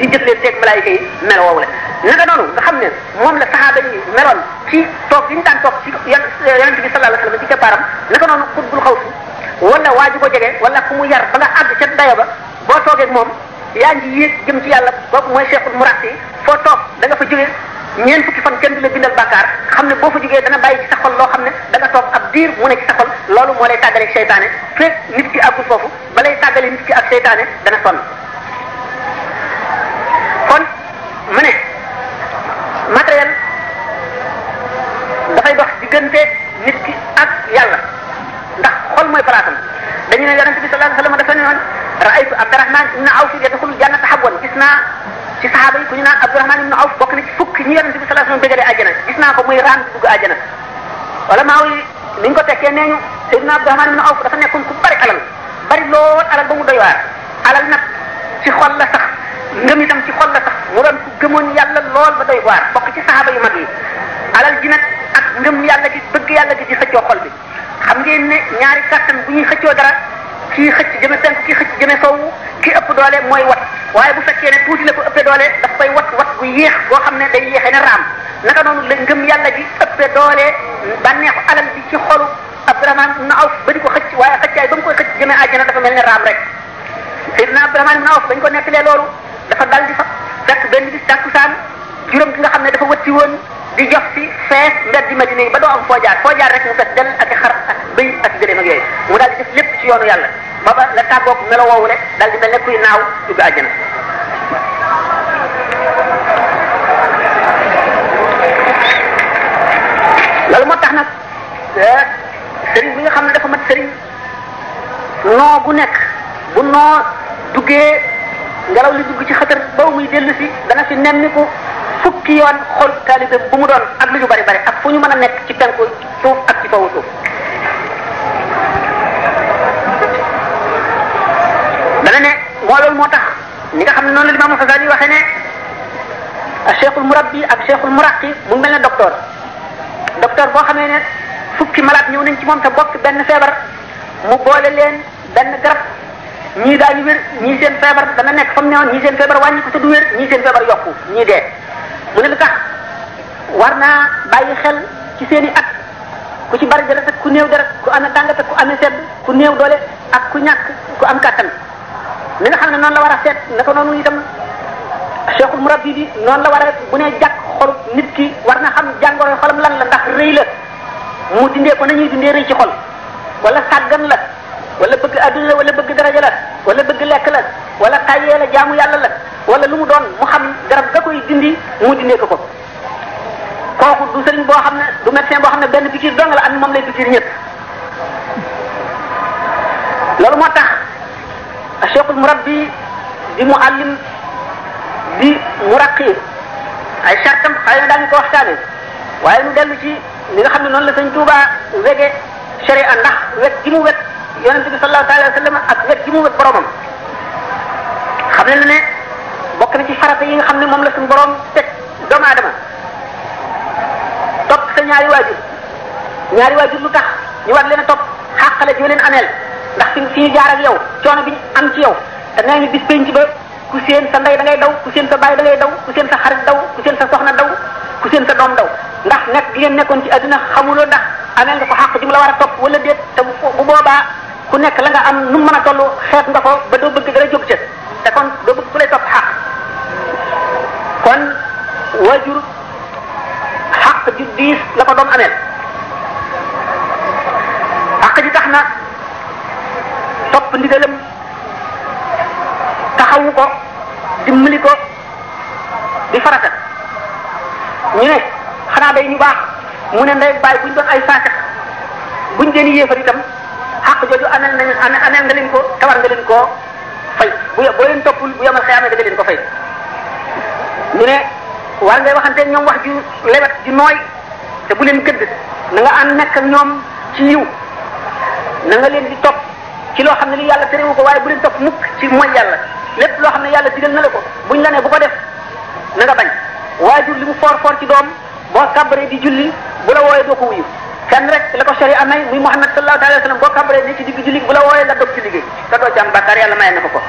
di jëfleen teeg malaayika yi mel woowu la naka noonu nga xam ne moom la saxaaba yi meloon ci toog li ñu daan toog ci yan yonent bi sallallahu alayhi wasallam ci keppaaram naka noonu xutbul xaw si wala waa ji ko jege wala ku mu yar ba nga àgg ca ba boo toogee moom yaa ngi yéeg jëm ci yàlla kooku mooy cheikhul murabbi foo toog da nga fa jógee ñeent fukki fan kenn du la bindal bàkkaar xam ne boo fa jógee dana bàyyi ci sa xol loo xam ne da nga toog ab diir mu ne ci sa xol loolu moo lay tàggale seytaane fekk nit ki àggul foofu ba lay tàggale nit ki ak seytaane dana sonn kon mu ne matériel dafay dox diggante nit ki ak yàlla ndax xol mooy palaatam dañu ne yonente bi sallallahu alayhi wa sallam dafa ne woon raaytu abdurahman ibn awf yadxulu jannata habwan gis naa ci saxaaba yi ku ñu naan abdurahman ibn awf bokk na ci fukk ñi yonente bi sallallahu alayhi wa sallam dëgëre àjjana gis naa ko muy raam dugg àjjana wala maa yi ni ñu ko tekkee nee ñu sayyidina abdurahman ibn awf dafa nekkoon ku bari alal bari lool alal ba mu doy waar alal nag ci xol la sax ngëm itam ci xol la sax mu doon ku gëmoon yàlla lool ba doy waar bokk ci saxaaba yu mag yi alal ji nag ak ngëm yàlla gi bëgg yàlla gi di xëccoo xol bi xam ngeen ne ñaari kàttan bu ñuy xëccoo dara kii xëcc jëme penk kii xëcc jëme sowu kii ëpp doole mooy wat waaye bu fekkee ne tuuti la ko ëppee doole daf koy wat wat gu yéex boo xam ne day yéexee ne raam naka noonu la ngëm yàlla ji ëppee doole bànneexu alal bi ci xolu Abdurahman ibn Awf ba di ko xëcc waaye xëccaay ba mu koy xëcc jëmee àjjana dafa mel ne raam rek Seydina Abdurahman ibn Awf bañ ko nettalee loolu dafa dal di fa fekk benn bis tàkkusaan juróom gi nga xam ne dafa wëtti woon di jox fi fees mbedd di Madina yi ba doo am foo jaar foo jaar rek mu fes den ak xar ak bëy ak gëléem ak yooyu mu daal di def lépp ci yoonu yàlla booba la tàggoog melo woowu rek daal di mel ne kuy naaw dugg àjjana loolu moo tax nag eh, sëriñ bi nga xam ne dafa mat sëriñ noo gu nekk bu noo duggee ngelaw li dugg ci xatar ba muy dellu si dana fi nemmiku fukki yoon xool taalibe bu mu doon ak lu ñu bari bari ak fu ñu mën a nekk ci penku suuf ak ci kawu suuf dana ne moo loolu moo tax ni nga xam ne noonu la Imam Xasaali waxee ne cheikhul ab ak cheikhul muraqi mu mel ne docteur docteur boo xam ne fukki malaat ñëw nañ ci moom te bokk benn feebar mu boole leen benn garab ñii daañu wér ñii seen feebar dana nekk fa mu ne woon ñii seen feebar wàññi ko te du wér ñii seen feebar yokku ñii dee mu ne lu tax war naa bàyyi xel ci seen i at ku ci bari deret ak ku néew deret ku amee tàngat ak ku amee sedd ku néew doole ak ku ñàkk ku am kàttan ni ne xam ne noonu la war a seet naka noonu itam cheikhul murabbi bi noonu la war a bu ne jàkk xol nit ki war na xam jàngoro xolam lan la ndax rëy la mu dindee ko nañuy dindee rëy ci xol wala sàggan la wala bëgg adduna wala bëgg daraja la wala bëgg lekk la wala tayee la jaamu yàlla la wala lu mu doon mu xam garab ga koy dindi mu dindee ko ko kooku du sëriñ boo xam ne du médecin boo xam ne benn pikir dong la am moom lay pikir ñëpp loolu moo tax cheikhul murabbi di mu allim di muraqi ay sartam xëy na daañu ci li nga xam ne noonu la sëñ Tuubaa wege sharia ndax mu wet yonente bi sallallahu alayhi wa sallam ak wet gi mu wet boromam xam ne ne bokk na ci farata yi nga xam ne moom la suñ boroom teg doomu aadama topp sa ñaari waajur ñaari waajur lu tax ñu war leen a topp xàqale joo leen ameel ndax fi fi ñu jaar yow coono bi ñu am ci yow te nee ñu bis ba ku seen sa ndey da ngay daw ku seen sa baay da ngay daw ku seen sa xarit daw ku seen sa soxna daw ku seen sa doom daw ndax nekk gi ngeen nekkoon ci àdduna xamuloo ndax ameel nga ko xàq ji la war a topp wala déet te bu boobaa ku nekk la nga am nu mën a toll xeet nga ko ba doo bëgg dara jóg ca te kon doo bëgg ku lay topp xaq kon waajur xaq ju diis la ko doom ameel xaq ji tax na topp ndigalam taxawu ko dimbali ko di farata ñu ne xanaa day ñu baax mu ne ndey bàyyi buñ doon ay saacax buñ leen yéefar tam xaq jooju amel nañu amel nga leen ko tawar nga leen koo fay bu boo leen toppul bu yemal xëy amee da nga leen ko fay mu ne war nga ngay waxante ñoom wax ju lewet ju nooy te bu leen këdd na nga ànd nekk ñoom ci yiw na nga leen di topp ci loo xam ne li yàlla terewu ko waaye bu leen topp mukk ci mooy yàlla lépp loo xam ne yàlla digal na la ko ñu la ne bu ko def na nga bañ waajur li mu foor foor ci doom boo kàbbaree di julli bu la wooyee doo ko wuyu kenn rek la ko am may muy Muhammad sallallahu alayhi wa sallam boo kàmbalee ni ci digg jullit bu la wooyee la dog ci liggéey te doo ci am bàkkaar na ko ko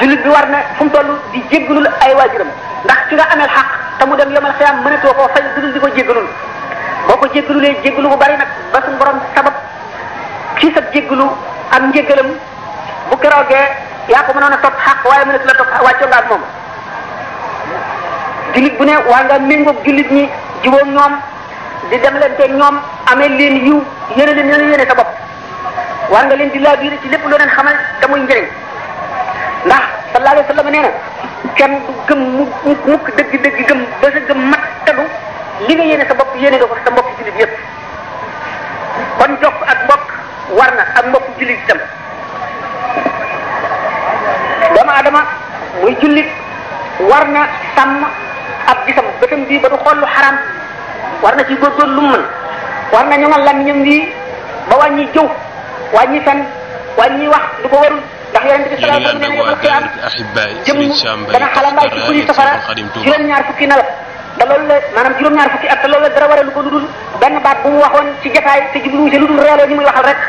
jullit bi war na fu mu di di jéggalul ay waajuram ndax ci nga ameel xaq te mu dem yomal xiyaam mënatoo koo fay dudul di ko jéggalul boo ko jéggalulee jéggalu bu bari nag ba suñu borom sabab ci sa jéggalu ak njéggalam bu keroogee yaa ko mënoon a topp xaq waaye mënatu la topp wàccoo nga ak moom bu ne waa nga méngoog jullit ñi jubóom di dem leen ñoom amee leen yiw yéene leen yéene yéene bopp war nga leen di laabiire ci lépp loo leen xamal te muy njëriñ ndax sallallahu alayhi wa sallam kenn du gëm mu mukk dëgg dëgg gëm ba sa gëm mat tadu li nga yéene sa bopp yéene nga ko sa mbokk ak mbokk war na ak mbokk jullit itam doomu aadama muy jullit war na sàmm ab gisam bëtam bii ba du xool lu war na ci góorgóorlu lu mu mën war na ñoŋal làmmiñam wi ba wàññi jëw wàññi fen wàññi wax lu ko warul dax yonent bi sallallahu alayhi wa sallam jëmm dana xalambaay ci kuli safara juróom-ñaar fukki nawet la maanaam juróom at la dara waralu ko lu dul benn baat bu mu waxoon ci jotaay te jubluwu ci lu dul reeloo ñi muy waxal rek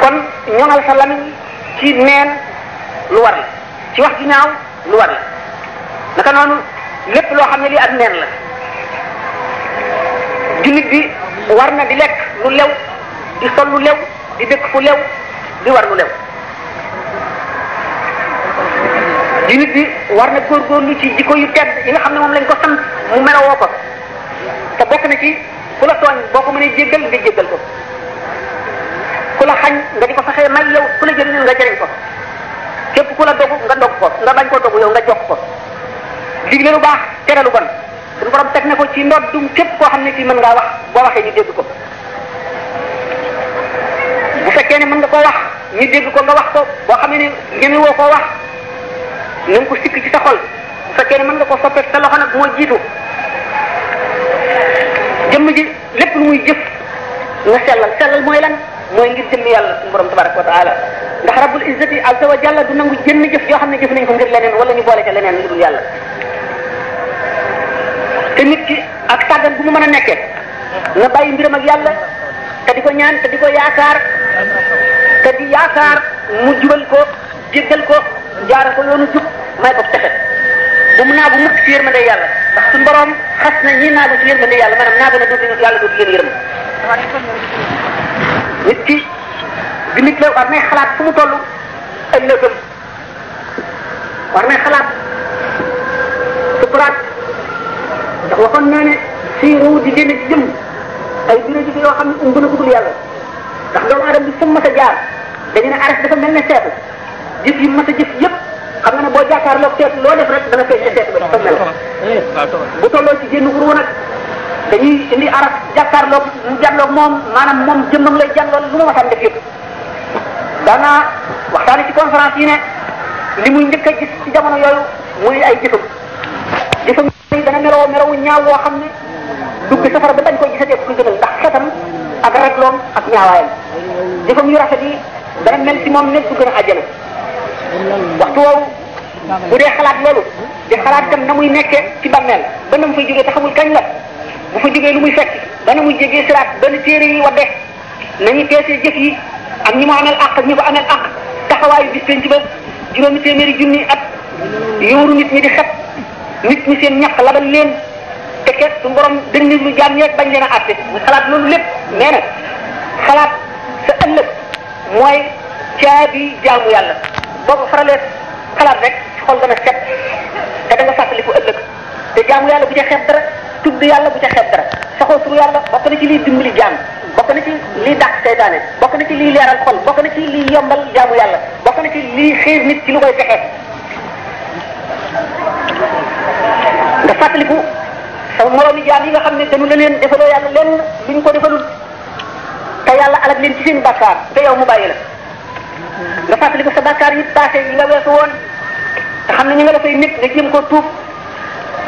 kon ñoŋal sa lamiñ ci neen lu war ci wax ju ñaaw lu war la naka noonu lépp loo xam ne lii ak neen la jullit bi war na di lekk lu lew di sol lu lew di dëkk ko lew di war lu lew jullit bi war na góorgóorlu ci jikko yu tedd yi nga xam ne moom lañ ko sant mu melowoo ko te bokk na ci ku la tooñ boo ko mënee jéggal nga jéggal ko ku la xañ ko fexee may yow ku la jëriñul nga jëriñ ko képp ku la dogu nga dog ko nga bañ koo dogu yow nga jokk ko digle lu baax tere lu bon suñu borom teg na ko ci ndoddum képp koo xam ne fii mën ngaa wax boo waxee ñu dégg ko bu fekkee ne mën nga koo wax ñu dégg ko nga wax ko boo xam ne ñeme woo na nga ko sikk ci sa xol bu fekkee ne mën nga koo soppeek sa loxo nag moo jiitu jëmm ji lépp lu muy jëf nga sellal sellal mooy lan mooy ngir jëmm yàlla suñu borom tabaraka wa taala ndax rabbul izzati azza wa jalla du nangu jënn jëf yoo xam ne jëf ko ngir leneen wala ñu boole ca leneen lu yàlla te nit ki ak sàggan bu mu mën a nekkee nga bàyyi mbiram ak yàlla te di ko ñaan te di ko yaakaar te yaakaar mu jubal ko jéggal ko jaaral ko yoonu jub may ko texe bu mu naagu mukk ci yërmande yàlla ndax suñu borom xas na ñi naagu ci yërmande yàlla maanaam naagu na dootu yàlla dootu leen yërëm nit ki bi la war nay xalaat fu mu toll ëllëgëm war nay xalaat sukuraat ndax waxoon naa ne siiru di génn ci jëm ay dina jóge yoo xam ne umb na bëggul yàlla ndax doomu aadama bi fu mu mas a jaar dañu ne arrêté dafa mel ne seetu jëf yi mas a jëf yëpp xam nga ne boo jàkkaarloog seetu loo def rek dana feeñ ne seetu ba dafa mel bu tolloo ci génn wuru nag dañuy indi araf jàkkaarloog mu jàlloog moom maanaam moom jëmmam lay jàlloon lu ma waxtaan def yëpp daanaa waxtaane ci conférence yi ne li muy njëkk a ci jamono yooyu muy ay jëfam jëfam yi dana meloo melawu ñaaw woo xam ne dugg safara ba dañ koy gisatee ku gënal ndax xetam ak ragloom ak ñaawaayam jëfam yu rafet yi dana mel ci moom ne ku gën a àjjana waxtu woowu bu dee xalaat loolu di xalaat tam na muy nekkee ci bàmmeel ba na mu fay jógee te xamul kañ la bu fa jógee lu muy fekk ba na muy jógee siraat benn téere yi wadde nañu peese jëf yi ak ñi mu amel àq ak ñi ko amel àq taxawaayu bis penc ba juróomi téeméeri junni at yóoru nit ñi di xet nit ñi seen ñàkk labal leen te kat su borom dañ leen lu jaam bañ leen a àtte mu xalaat loolu lépp nee na xalaat sa ëllëg mooy caabi jaamu yàlla boko ko faralee xalaat rek xol dana set te da nga fàttaliku ëllëg te jaamu yàlla bu ca xeeb dara tudd yàlla bu ca xeeb dara saxoo turu yàlla bokk na ci liy dimbali jaam bokk na ci liy dàq seytaane bokk na ci xol bokk na ci yombal jaamu yàlla bokk na ci xiir nit ci lu koy fexe nga fàttaliku sa moroomi jaam yi nga xam ne dañu la leen defaloo yàlla lenn luñ ko defalul te yàlla alak leen ci seen bàkkaar te yow mu bàyyi la nga fàttaliku sa bàkkaar yi passé yi nga weesu xam ne ñu nga la koy nit nga jéem ko tuub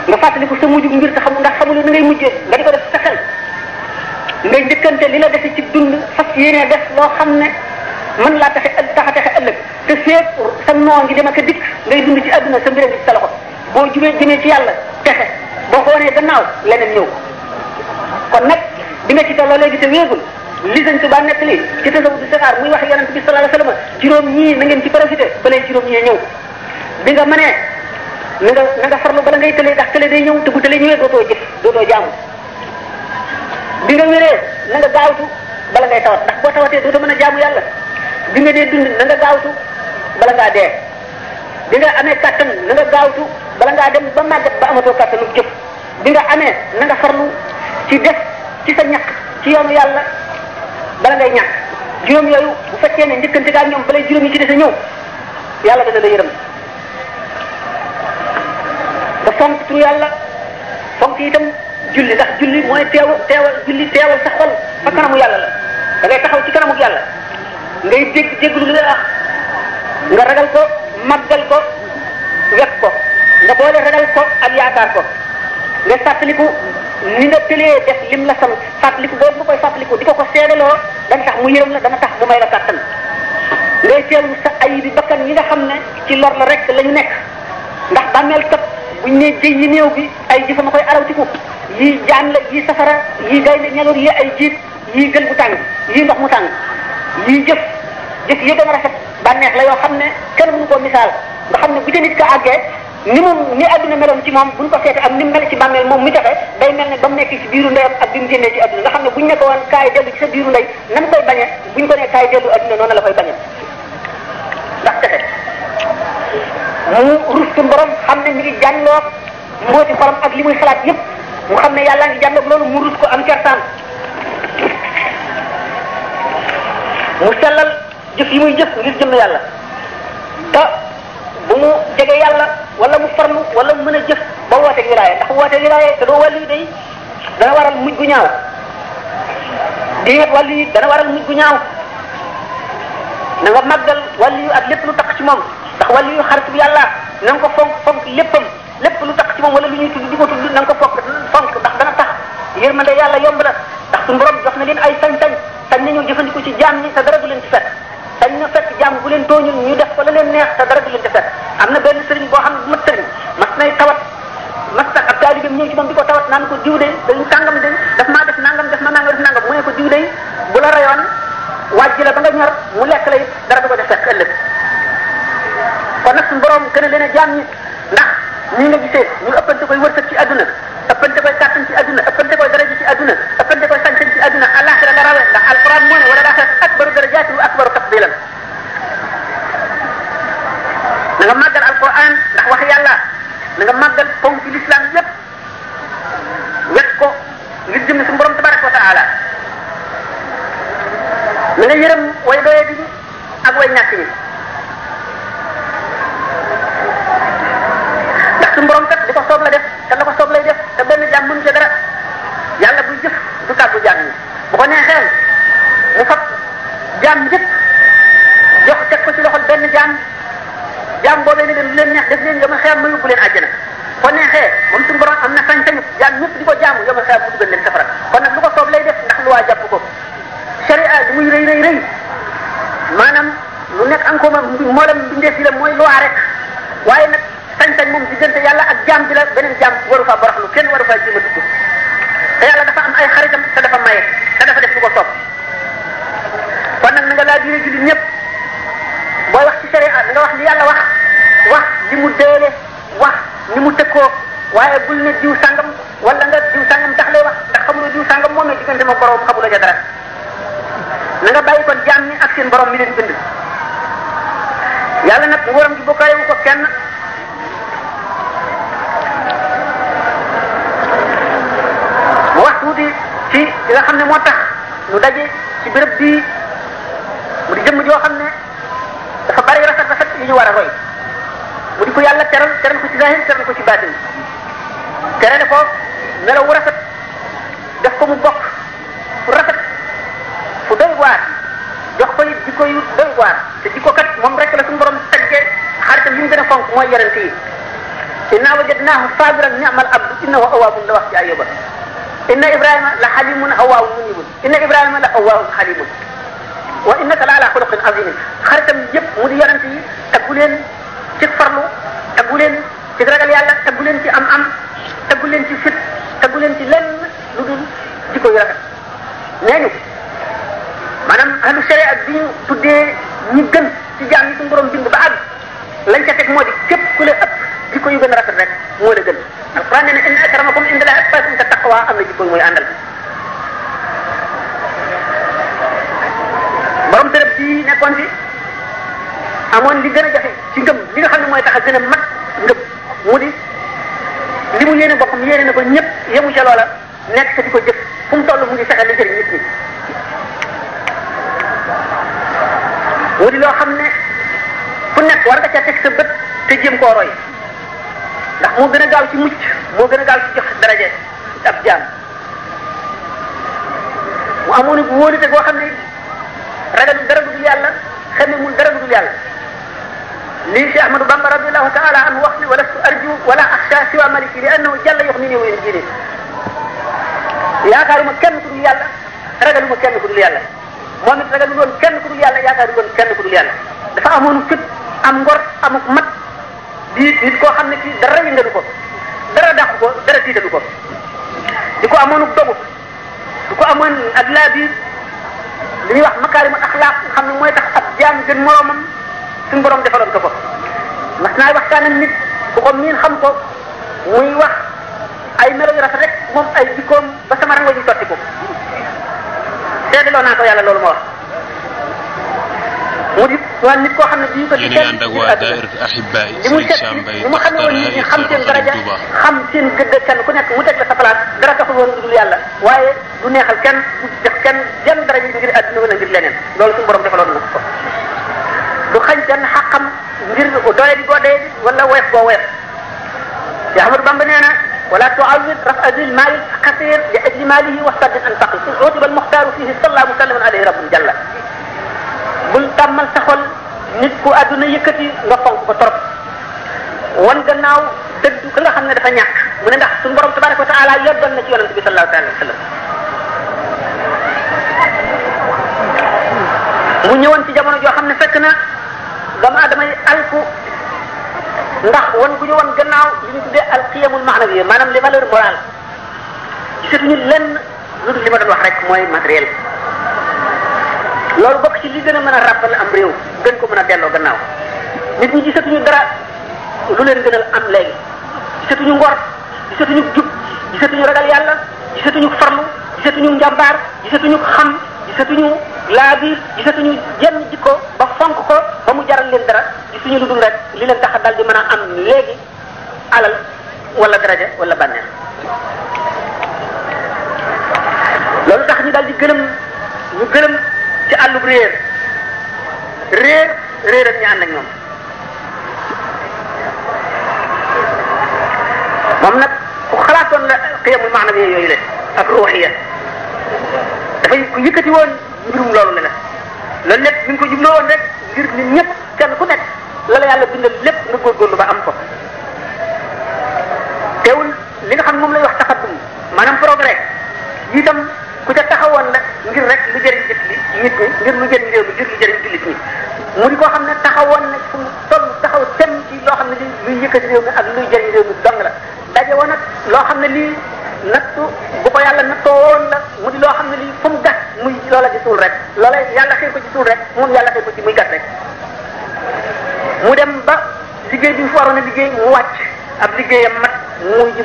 nga fàttaliku sa mujj mbir te xam ndax xamuloo ni ngay mujjee nga di ko def sa xel ngay njëkkante li la dese ci dund fas yéene def loo ne mën laa taxe taxa taxe ëllëg te seet sa noo ngi dem ak a dikk ngay dund ci àdduna sa mbir a ngi sa loxo boo jubee jëmee ci yàlla texe boo ko wanee naaw leneen ñëw kon nag bi nga ci tolloo léegi te wéegul li sëñ Tuba nekk li ci tasawuf di saxaar muy wax yonent bi sallallahu alayhi wasallam juróom ñii na ngeen ci profité ba lay juróom ñii ñëw bi nga mënee na nga na nga farlu bala ngay tëlee ndax tëlee day ñëw te bu tëlee ñëwee dootoo jëf dootoo jaamu bi nga wéree na nga gaawtu bala ngay tawat ndax boo tawatee dootoo mën a jaamu yàlla bi nga dee dund na nga gaawtu bala ngaa dee bi nga amee kàttan na nga gaawtu bala ngaa dem ba màggat ba amatoo kàttanu jëf bi nga amee na far farlu ci def ci sa ñaq ci yoonu yàlla bala ngay ñàkk juróom yooyu bu fekkee ne njëkkante gaa ñoom balay juróom yi ci des a ñëw yàlla dana la yërëm te fonk tur yàlla fonk itam julli ndax julli mooy teew teewal julli teewal sa yàlla la dangay taxaw ci kanamu yàlla ngay dégg dégg lu la nga ragal ko. màggal ko wekk ko nga boole ragal ko ak yaakaar ko nga fàttaliku ni nga tëlee def lim la sam fàttaliku boobu nga koy fàttaliku di ko ko seedaloo dana tax mu yërëm la dana tax mu may la kàttan ngay teewlu sa ay bi bakkan yi nga xam ne ci lor la rek la ñu nekk ndax bàmmeel kat buñ ne jëy yi néew bi ay jëfa ma koy arawtiku yii jaan la yii safara yii gaynde ñaloor yii ay jiit yii gël bu tàng yii ndox mu tàng yii jëf jëf yi gën a rafet bànneex la yoo xam ne kenn mënu ko misaal nga xam ne bu ca nit ka àggee ni mu ni adduna meloon ci moom buñ ko seete ak ni mu mel ci bàmmeel moom mi taxe day mel ne ba mu nekk ci biiru ndeyam ak bi mu génnee ci adduna nga xam ne buñ nekk woon kaay dellu ci sa biiru ndey na mu koy bañe buñ ko nee kaay dellu adduna noonu la koy bañe ndax texe mu rus ci borom xam ne mi ngi ak li muy xalaat yépp mu xam ne yàlla ngi jànloog loolu mu rus ko am kertaan mu sellal jëf yi muy jëf ngir jëm yàlla te bu mu jege yàlla wala mu farlu wala mu mën a jëf ba woote wilaaya ndax woote wilaaya te doo wàllu day war waral mujj gu ñaaw di wàllu yi dana waral mujj gu ñaaw na nga màggal wàllu yu ak lépp lu tax ci moom ndax wàllu yu xarit bu yàlla na nga ko fonk fonk léppam lépp lu tax ci moom wala lu ñuy di ko tudd na nga ko fonk fonk ndax dana tax yërmande yàlla yomb la ndax suñu borom jox na leen ay sañ-sañ sañ nañu jëfandiku ci jaam ñi te dara du leen ci fekk dañ ñu fekk jàmm bu leen tooñul ñu def ko la leen neex te dara du leen di fekk am na benn sëriñ boo xam ne bu mat sëriñ mas nay tawat mas na ab taalibeem ñëw ci moom di ko tawat naan ko diw de dañu tàngam de daf maa def nangam daf ma nangam def nangam mu ne ko diw de bu la rayoon wàjji la ba nga ñor mu lekk la it dara du ko def fekk ëllëg kon nag suñu borom gën a leen a jaam ñi ndax nii nga gisee ñu ëppante koy wërsëg ci àdduna ëppante koy kàttan ci àdduna ëppante koy daraja ci àdduna ëppante koy sañ-sañ ci àdduna nga màggal alquran ndax wax yàlla na nga màggal ponk ci l'islam yépp wet ko ngir jëm suñu borom tabaraka wa taala na nga yërëm way ak way ñàkk ñi ndax suñu borom li ko soob la def te la ko soob lay def te benn jàmm mënu ca dara yàlla buy jëf du tàggu jàmm ñi bu ko neexee leen neex def leen yoma xeam ma yóbbu leen àjjana ko neexee moom suñu borom am na sañ-sañu yaa ñëpp di ko jaamu yoma xeam mu dugal leen safara kon nag lu ko soob lay def ndax lu waa jàpp ko sharia li muy rëy rëy rëy maanaam lu nekk encore ma moolam mbindeef yi la mooy loi rek waaye nag sañ-sañ moom diggante yàlla ak jaam bi la beneen jaam waru faa boroxlu kenn waru faa jéem a dugg te yàlla dafa am ay xaritam te dafa maye te dafa def lu ko soob kon nag na nga laa biire jullit ñëpp booy wax ci sharia na nga wax li yàlla wax wax li mu deele wax ni mu tëkkoo waaye bul ne diw sangam wala nga diw sangam tax lay wax ndax xamuloo diw sangam moom ne diggante ma borom xamuloo ja dara na nga bàyyi ko jaam ñi ak seen borom mi leen bind yàlla nag nguuram ko kenn mu li nga xam ne moo tax nu daje ci béréb bii mu di joo xam ne dafa bari rafet rafet li ñu war a roy ko yàlla teral teral ko ci zahir teral ko ci baatin terale ko melaw wu rafet def ko mu bokk fu rafet fu doy waar jox ko it jikko yu doy waar te jikko kat moom rek la suñu borom tagge xaritam yi mu gën a fonk mooy yarante yi inna wajadnaahu sabiran ni'mal abdu innahu awwaabun la wax ci Ayyuba inna Ibrahima la halimun awwaabun munibun inna Ibrahima la awwaabun halimun wa innaka la ala xuluqin azimin xaritam yëpp mu di yarante yi taggu leen ci farlu tegu leen ci ragal yàlla tegu leen ci am-am tegu leen ci fit tegu leen ci lenn lu dul jikko yu rafet nee ñu maanaam ahlu sharia bi ñu tuddee ñi gën ci jaam yi suñu borom bind ba àgg lañ ca teg moo di képp ku la ëpp jikko yu gën a rafet rek moo la gën alquran nee na inna akramakum inda llahi atqakum te taqwa am na jikko mooy àndal borom béréb bi nekkoon fi amoon li gën a jafe ci ngëm li nga xam ne mooy tax a gën a mat ngëb mu di li mu yéene boppam yéene na ko ñëpp yemu ca loola nekk ca ko jëf fu mu toll mu ngi fexe li jëriñ nit di loo xam ne fu nekk war nga ca teg sa bët te jéem koo roy ndax moo gën a gaaw ci mucc moo gën a gaaw ci jox daraje ab jaam mu amoon wóolute boo xam ne ragalul dara dul yàlla xamemul dara dul yàlla lii Cheikh Ahmadou Bamba radiyallahu taala anhu wax ni wa lastu arju wala axsha siwa maliki li annahu jalla yuxnini wa yunjini yaakaaruma kenn ku dul yàlla ragaluma kenn ku dul yàlla moom it ragalul woon kenn ku dul yàlla yaakaarul woon kenn ku dul yàlla dafa amoon fit am ngor amuk mat di nit koo xam ne kii dara yëngalu ko dara dàqu ko dara tiitalu ko di ko amoonuk dogu di ko amoon ak laa biir li ñuy wax makaarimu axlaaq nga xam ne mooy tax ab jaam gën moroomam suñu borom defaloon ko ko mas naa waxtaan ak nit ku ko miin xam ko muy wax ay melo yu rafet rek moom ay jikkoom ba sama rango ji sotti ko ko yàlla loolu ma wax mu di waa nit koo xam ne bi ñu ko di kenn li mu set li mu xamee woon nit ñi xam seen daraja xam seen gëdd ku nekk mu teg la dara taxul woon dudul yàlla waaye du neexal kenn du def kenn jenn daraja ngir àdduna wala ngir leneen loolu suñu borom defaloon na ko du xañ kenn xaqam ngir doole di goo doye wala woyof goo woyof ci Ahmadu Bamba nee na wala tuawid rafadil maali xasir li ajli maalihi wa saddin an faqi si utiba al muxtaaru fihi salla musallaman alayhi rabbun jalla bul tàmmal sa xol nit ku àdduna yëkkati nga fonk ko trop wan gannaaw dëgg ka nga xam ne dafa ñàkk mu ne ndax suñu borom tabaraka wa taala yoddoon na ci yonent bi sallallahu alayhi wa sallam mu ñëwoon ci jamono joo xam ne fekk na doomu aadama yi ndax wan gu ñu wan gannaaw li ñu tuddee alqiyamul maanawiya maanaam les valeurs morales gisatuñu lenn lu dul li ma doon wax rek mooy matériel loolu bokk ci li gën a mën a rappel am réew gën ko mën a delloo gannaaw nit ñi gisatuñu dara lu leen gënal am léegi gisatuñu ngor gisatuñu jub gisatuñu ragal yàlla gisatuñu farlu gisatuñu njàmbaar gisatuñu xam gisatuñu laa biir gisatuñu yenn jikko ba fonk ko ba mu jaral leen dara gisuñu lu dul rek li leen tax dal di mën a am léegi alal wala daraja wala bànneex loolu tax ñu dal di gëlëm ñu gëlëm ci àllub réer réer réer ak ñu ànd ak ñoom moom nag ku xalaatoon la xiyamul maanaam yooyu la ak ruuxiya dafay ku yëkkati woon mbirum loolu la la loolu lépp mi ko jubloo woon rek ngir nit ñëpp kenn ku nekk la la yàlla bindal lépp nga góorgóorlu ba am ko teewul li nga xam ne moom lay wax taxatum maanaam progrès yi itam ku ca taxawoon la ngir rek lu jëriñ li nit ñi ngir lu jëriñ réew mi ngir lu jëriñ jullit ñi mu di koo xam ne taxaw na fu mu taxaw sen ci loo xam ne li luy yëkkati réew mi ak luy jëriñ réew mi dong la daje woon ak loo xam ne lii nattu bu ko yàlla nattoo la mu di loo xam ne lii fu mu gàtt muy loola ci suul rek loola yàlla xëy ko ci suul rek muy gàtt rek mu dem ba liggéey bi mu waroon a liggéey mu wàcc ab liggéeyam mat muy ji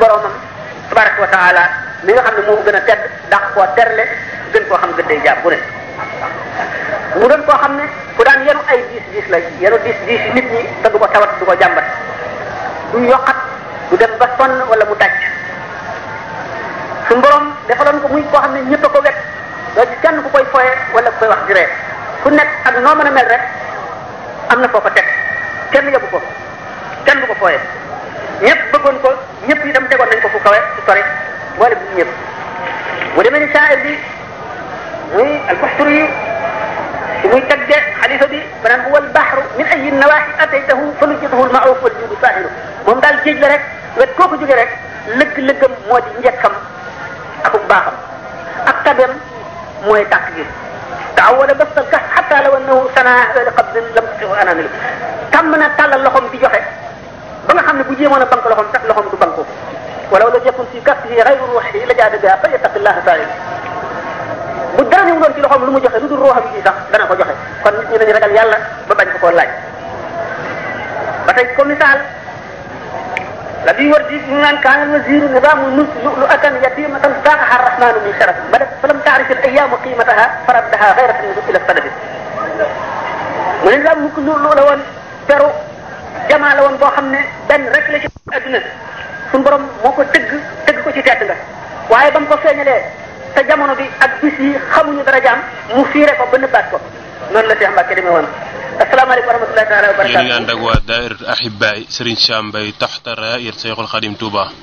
li nga xam ne moo gën a tedd dàq koo terle gën koo xam gën day jàpp bu ne mu doon koo xam ne ku daan yenu ay diis diis la yenu diis diis yi nit ñi te du ko tawat du ko jàmbat du yokkat du dem ba sonn wala mu tàcc suñu borom defaloon ko muy koo xam ne ñëpp a ko wet doo ci kenn ku koy foye wala ku koy wax juree ku nekk ak noo mën a mel rek am na foo ko teg kenn yóbbu ko kenn du ko foye ñëpp bëggoon ko ñëpp itam tegoon nañ ko fu kawe su sori mboole bu ñëpp mu demee ni saa'ir bi muy albuxturi yi si muy tagge xalifa bi banaan huwa albaxru min ayi nawaaxi ataytahu fa nujjatahu almaawuf wal juudu saahiru moom daal géej la rek wet koo ko jógee rek lëgg-lëggam moo di njëkkam akuk baaxam ak tabem mooy tàkk gi taawala basal kas xataa law annahu sanaa ala qabdin lam tusihu anamil tàmm na tàllal loxom di joxe ba nga xam ne bu jéemoon a bank loxom sax loxom du banko walaw lam yakun fi kasbihi ghayru ruuhi la jaada biha fa yattaqillaha taala bu dara ñëw doon ci loxom lu mu joxe lu dul ruuxam ji sax dana ko joxe kon nit ñi dañu ragal yàlla ba bañ ko koo laaj ba tey ko misaal la di wër di ñu naan kaanal wasiru nizaamu nus lu atan yatimatan saaxaha rahmaanu min sharaf ba def falam taarif al ayyaamu qiimataha faraddaha gayra tanzur ila sadabi mu ne nizaam mukk lu la woon peru jamaa la woon boo xam ne benn rek la ci adduna suñu borom moo ko tëgg tëgg ko ci tedd nga waaye ba mu ko feeñalee te jamono bi ak i yi xamuñu dara jaam mu fiire ko ba nëbbaat ko noonu la Cheikh Mbacke demee woon asalaamaaleykum wa rahmatullahi taala wa barakatu ñu ngi ànd ak waa daayira Ahibaay Serigne Sam Mbaye taxta raayat Seyxul Xadim Touba